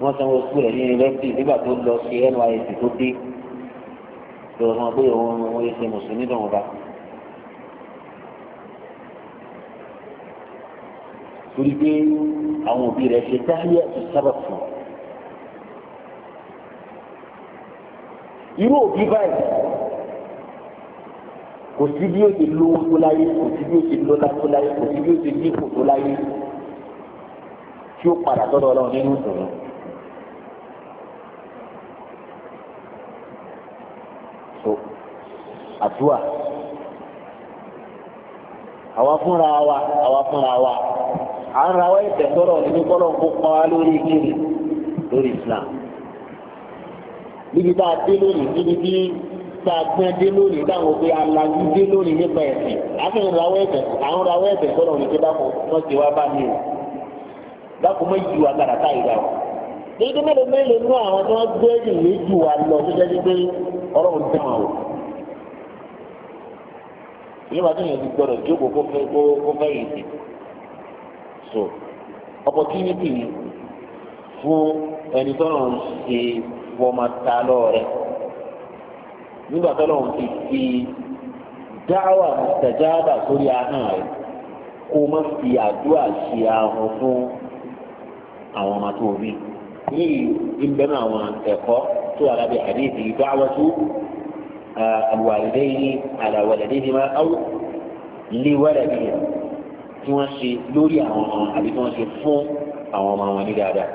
wọ́n sanwó sukù rẹ̀ ní yunifásitì nígbà tó lọ ṣe nysc tó dé tó ọmọ pé òun òun yẹ ṣe mùsùlùmí lòun bá. torí pé àwọn òbí rẹ̀ ṣe dáhìá tó sábà fún un. irú òbí báyìí kò sí bí ó ti lówó tó láyé kò sí bí ó ti lọ́lá tó láyé kò sí bí ó ti dípò tó láyé tí ó padà tọ́lọ́ ọlọ́run nínú ìdùnnú. àdúà àwa fúnra wa àwa fúnra wa à ń rawọ́ ẹ̀tẹ̀ sọ̀rọ̀ nínú kọ́lọ̀ kó pa wá lórí kiri lórí Islam níbi tá a dé lónìí níbi tí tá a gbọ́n dé lónìí táwọn pé alájú dé lónìí nípa ẹ̀sìn à ń rawọ́ ẹ̀tẹ̀ à ń rawọ́ ẹ̀tẹ̀ sọ̀rọ̀ nínú kí dákun wọ́n ti wá bá mi o dákun mọ́ ìjù àgàrà táyì rà o dédé mélòó mélòó nú àwọn tí wọ́n gbé ìwé jù wá lọ tó ìyẹn wàá tẹ̀yìn gbọdọ̀ jókòó kó fẹ́ kó fẹ́ yìí sí so opportunity ni fún ẹni tọ́lọ̀ ń ṣe wọ́mọ ta lọ́ọ̀rẹ́ nígbà tọ́lọ̀ ń ti fi dáwà tẹ̀jáàbà sórí ahọ́n rẹ̀ kó má fi àdúrà ṣe ahọ́n fún àwọn ọmọ tó rí ní ìbẹ́nu àwọn ẹ̀kọ́ tó wà lábẹ́ àdéhìí dáwà tó alwalidayni ala waladihima aw lé wẹ́rẹ́ bí yẹn tí wọ́n ṣe lórí àwọn ọmọ àbí tí wọ́n ṣe fún àwọn ọmọ wọn ní dáadáa.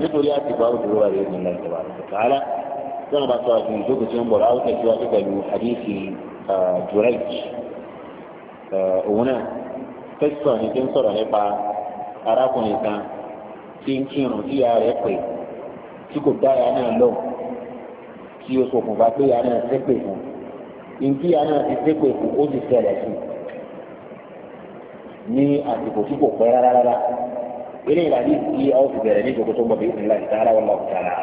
nítorí àtìgbà ó dúró wà lórí ìlànà ìjọba àti sàárà tí wọ́n bá sọ àti ìjókòó tí wọ́n bọ̀ láwùjọ tí wọ́n ti pẹ̀lú àdéhìí jùrẹ́j òun náà tẹ́sítọ̀ ni tí ń sọ̀rọ̀ nípa arákùnrin kan tí ń kírun tí ìyá rẹ̀ pè tí kò dá ìyá náà lọ tí ó ṣokùnfà ìdí àwọn ìdẹ́pẹ̀ kù ó ti ṣẹlẹ̀ sí ní àsìkò tí kò pẹ́ rárá rárá eré ìlànà ìdí àwọn ti bẹ̀rẹ̀ ní ìjókòó ń bọ̀ bí ìpínlẹ̀ ìtara wọn lọ́ọ̀ tara.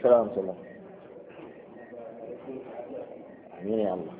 السلام عليكم. آمين يا الله.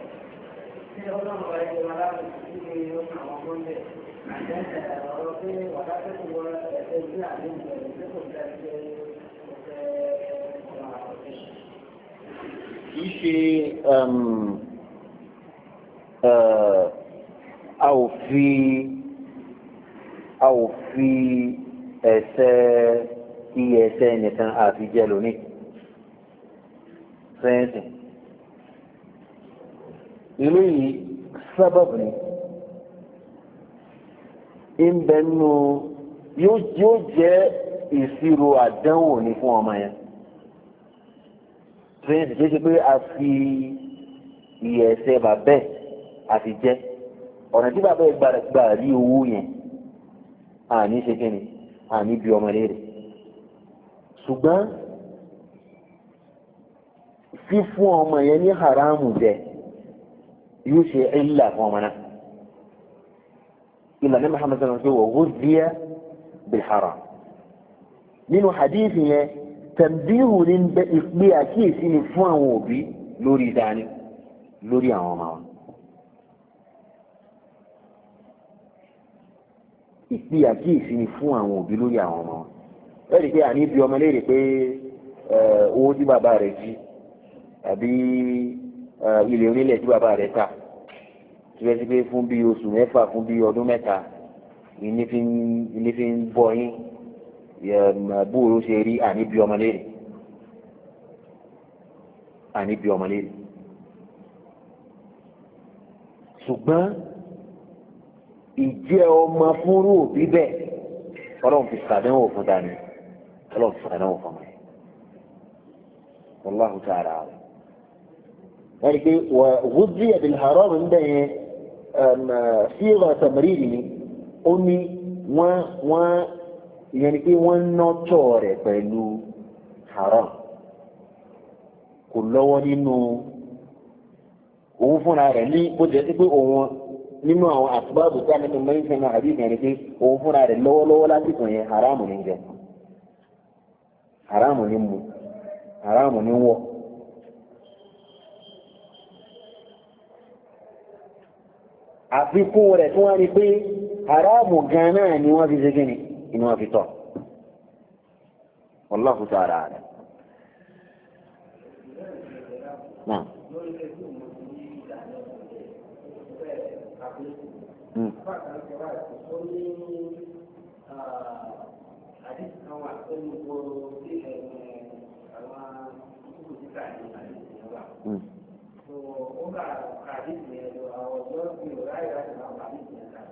ṣé ọlọ́run ọ̀rẹ́ ti wà láti ṣíṣe àwọn ọmọ ńlẹ̀ àjẹ́
ọ̀rọ̀ pé wàdá tó ti wọ ẹgbẹ́ àdéhùn rẹ̀ tó kò fẹ́ ṣe ọ̀fẹ́ kì í ṣe a ò fi a ò fi ẹsẹ̀ iye ẹsẹ̀ nìkan àfijẹ́ lónìí fẹ́ǹsì eléyìí sábàbù ni ń bẹ nínú yóò jẹ́ ìṣirò àdánwò ni fún ọmọ yẹn fẹ́yìn tí ṣe pé a fi ìyẹ̀ ẹ̀sẹ̀ bàbẹ́ àti jẹ́ ọ̀nà tí bàbá gbà rí owó yẹn àní ṣe kí ni àní bí ọmọ léèrè ṣùgbọ́n fífún ọmọ yẹn ní haramu jẹ́ yóò ṣe ìlà fún ọmọ náà ìlànà muhammed sallam ṣe wọ wúzíà bilharam nínú hadith yẹn tàbíhù ní bẹ ìpè àkíyèsí ni fún àwọn òbí lórí dání lórí àwọn ọmọ wọn. ìpè àkíyèsí ni fún àwọn òbí lórí àwọn ọmọ wọn. ẹ rí pé àní bí ọmọ léèrè pé owó tí bàbá rẹ̀ jí àbí. Eh, ilé onílẹ̀ tí bàbá rẹ̀ ta tìrẹsì pé fún bíi oṣù mẹ́fà fún bíi ọdún mẹ́ta ìní fi ń bọ yín bóòrò ṣe rí àní bí ọmọ léèrè àní bí ọmọ léèrè ṣùgbọ́n ìjẹ́ ọmọ fúnrú òbí bẹ́ẹ̀ ọlọ́run fi ṣàdánwò fún dání ọlọ́run fi ṣàdánwò fún ọmọ yẹn wọ́n láhùn sára rẹ̀. يعني كي وغذي بالحرام عنده صيغة تمريري أني و و يعني كي ونطور بلو حرام كل ونينو òun fúnra rẹ̀ ní bó jẹ́ pé òun nínú àwọn àtúbàbù tí a nínú mẹ́rin fẹ́ náà àdéhùn ẹni pé òun fúnra rẹ̀ lọ́wọ́lọ́wọ́ lásìkò yẹn haramu ní jẹ haramu ní mu haramu ní wọ̀ àfikún rẹ̀ tí wọ́n rí pé aráàbù gan náà ni wọ́n fi ṣe gíní inú wọn fi tọ́ Allahu ta'ala rẹ̀ náà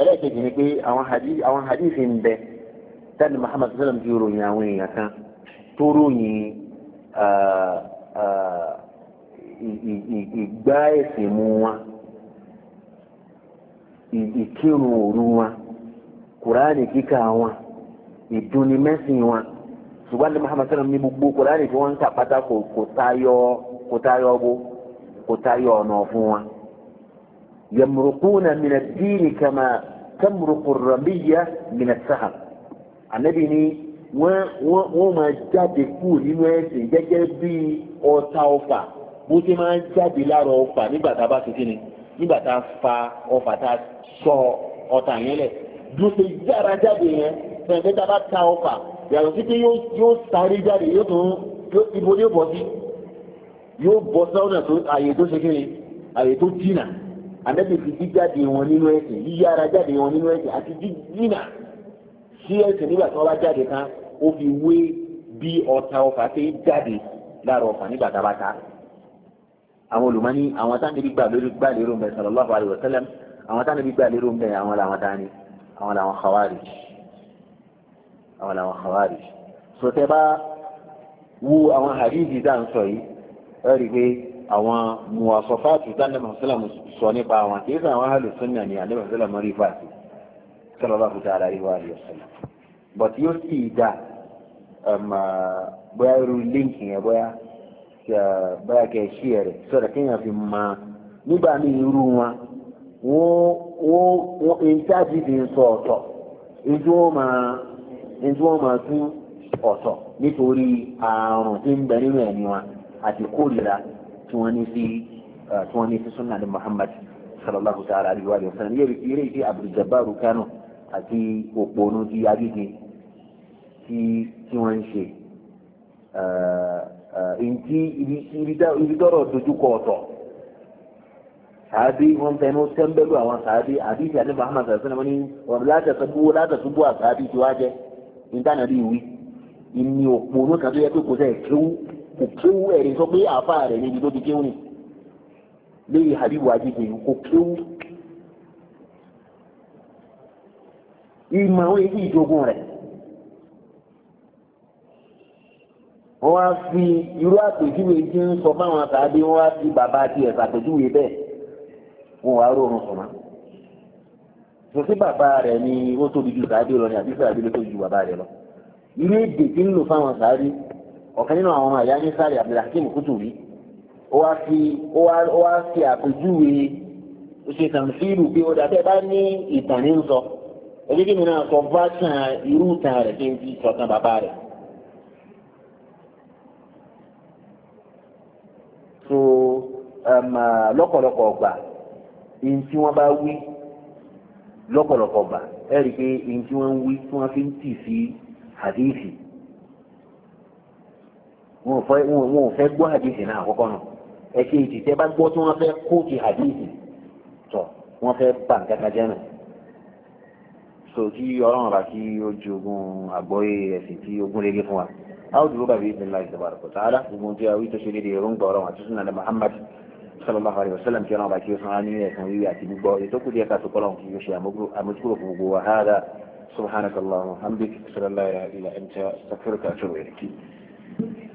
ẹlẹ́ẹ̀kejì ni pé àwọn hadithi ń bẹ tani Muhammad sallam ti ròyìn àwọn èèyàn kan tó ròyìn ìgbà ẹ̀sìn mu wọn ìkírun òru wọn kùránì kíkà wọn ìdúnimẹ́sìn wọn ṣùgbọ́n ní Muhammad sallam ní gbogbo kùránì tí wọ́n ń kà kò tayọ ọgbó kò tayọ ọ̀nà fún yamurukuna mina diini kama tamurukuramiya mina saha anabi ni wọ́n máa jáde kú nínú ẹ̀sìn gẹ́gẹ́ bí ọta ọfà bó ṣe máa ń jáde lára ọfà nígbà tá a bá ṣe kíni nígbà tá a fa ọfà tá a sọ ọta yẹn lẹ̀ bí ó ṣe yára jáde yẹn fẹ̀fẹ́ tá a bá ta ọfà yàtọ̀ sí pé yóò sáré jáde yóò tún ibo ni yóò bọ́ sí yóò bọ́ sọ́nà àyè tó ṣe kíni àyè tó jìnnà ànábì ti jíjáde wọn nínú ẹ̀sìn yíyára jáde wọn nínú ẹ̀sìn àti jíjìnà sí ẹ̀sìn nígbà tí wọ́n bá jáde tán ó fi wé bí ọta ọfà ṣe jáde lára ọfà nígbà tá a bá ta àwọn olùmọ́ni àwọn táǹdébí gbà lórí gbà lérò mbẹ sallallahu alaihi wasallam àwọn táǹdébí gbà lérò mbẹ àwọn làwọn dání àwọn làwọn khawarij àwọn làwọn khawarij sọtẹ́ bá wú àwọn hadithi dáhùn sọ yìí ẹ rí i pé àwọn muwasọ́fáàtì dáná mọ̀sálàmù sọ nípa àwọn kì í sàn àwọn àlù sunna ní àdébà sálàmù rí fàtì sallallahu ta'ala alaihi wa sallam but yóò sì dá um, uh, bóyá irú líǹkì yẹn bóyá uh, bóyá kẹ́ ẹ̀ ṣí ẹ̀rẹ̀ sọ̀rọ̀ kéèyàn fi máa nígbà míì irú wọn wọ́n ìjáde ń sọ ọ̀tọ̀ ìjú wọn máa tún ọ̀tọ̀ nítorí ààrùn tí ń bẹ nínú ẹ̀mí wọn àti kórìíra tí wọ́n ní sí tí wọ́n ní sí sunna ní Muhammad sallallahu ta'ala alayhi wa sallam yẹ ilé iṣẹ́ abduljabaru kano àti òpònú ti agége tí wọ́n ń ṣe nti ibi tọrọ dojúkọ ọ̀tọ̀ sàábí wọn fẹnu tẹmbẹlú àwọn sàábí àdìsí àti Muhammad sallallahu alayhi wa sallam ní wọn látàtúbú látàtúbú àsàábí tí wàá jẹ níta nàbí ìwí ìní òpònú kan tó yẹ kó kó sẹ kéwú kò kéwú ẹ̀rí sọ pé àfa rẹ̀ níbi tó ti kéwú ni lórí habibu ajígbè kò kéwú. ìmọ̀ àwọn èyí ìjogún rẹ̀. wọ́n wá fi irú àpèjúwe tí ń sọ fáwọn àtàdé wọ́n wá fi bàbá àti ẹ̀sà àpèjúwe bẹ́ẹ̀ wọ́n wá rọrùn sọ̀mọ́. sọ sí bàbá rẹ̀ ni ó tóbi ju sàádé lọ ni àbí sàádé ló tóbi ju bàbá rẹ̀ lọ. ilé èdè tí ń lò fáwọn sàádé ọ̀kan nínú àwọn ọmọ àyà ní sáré abdulhakeem kutubi ó wá fi ó wá ó wá fi àpèjúwe ṣe tàǹfìlù pé ó dàbẹ́ bá ní ìtàn ní sọ ẹgbẹ́ kí mi náà sọ fásán irú ìtàn rẹ̀ kí n fi sọ̀tàn bàbá rẹ̀. so um, lọ́pọ̀lọpọ̀ ọgbà ihun tí wọ́n bá wí lọ́pọ̀lọpọ̀ ọgbà ẹ̀rí pé ihun tí wọ́n wí tí wọ́n fi ń tì sí hadithi wọn ò fẹ́ gbọ́ àdìsí náà àkọ́kọ́ nù ẹ̀kẹ́ ìdí tẹ́ bá gbọ́ tí wọ́n fẹ́ kóòtù àdìsí tọ̀ wọ́n fẹ́ bà ń kẹ́kẹ́ jẹ́ náà. so kí ọlọ́run bá kí ó ju ogun àgbọ́yé ẹ̀sìn tí ogun lè gé fún wa a ó dúró bàbí ìdí ńlá ìjọba rẹ̀ kọ̀tà àdá gbogbo tí a wí tó ṣe léde èròǹgbà ọlọ́run àti sunan Muhammad sallallahu alaihi wasallam kí ọlọ́run bá kí ó san á ní ẹ̀sán wíwí àti gbígbọ́ ètò kùdí ẹ̀ka tó kọ́lọ́run kí ó ṣe àmójúkúrò fún gbogbo wa hádà subhanakallahumma hamdik sallallahu alaihi wa sallam ila anta astaghfiruka wa atubu ilayk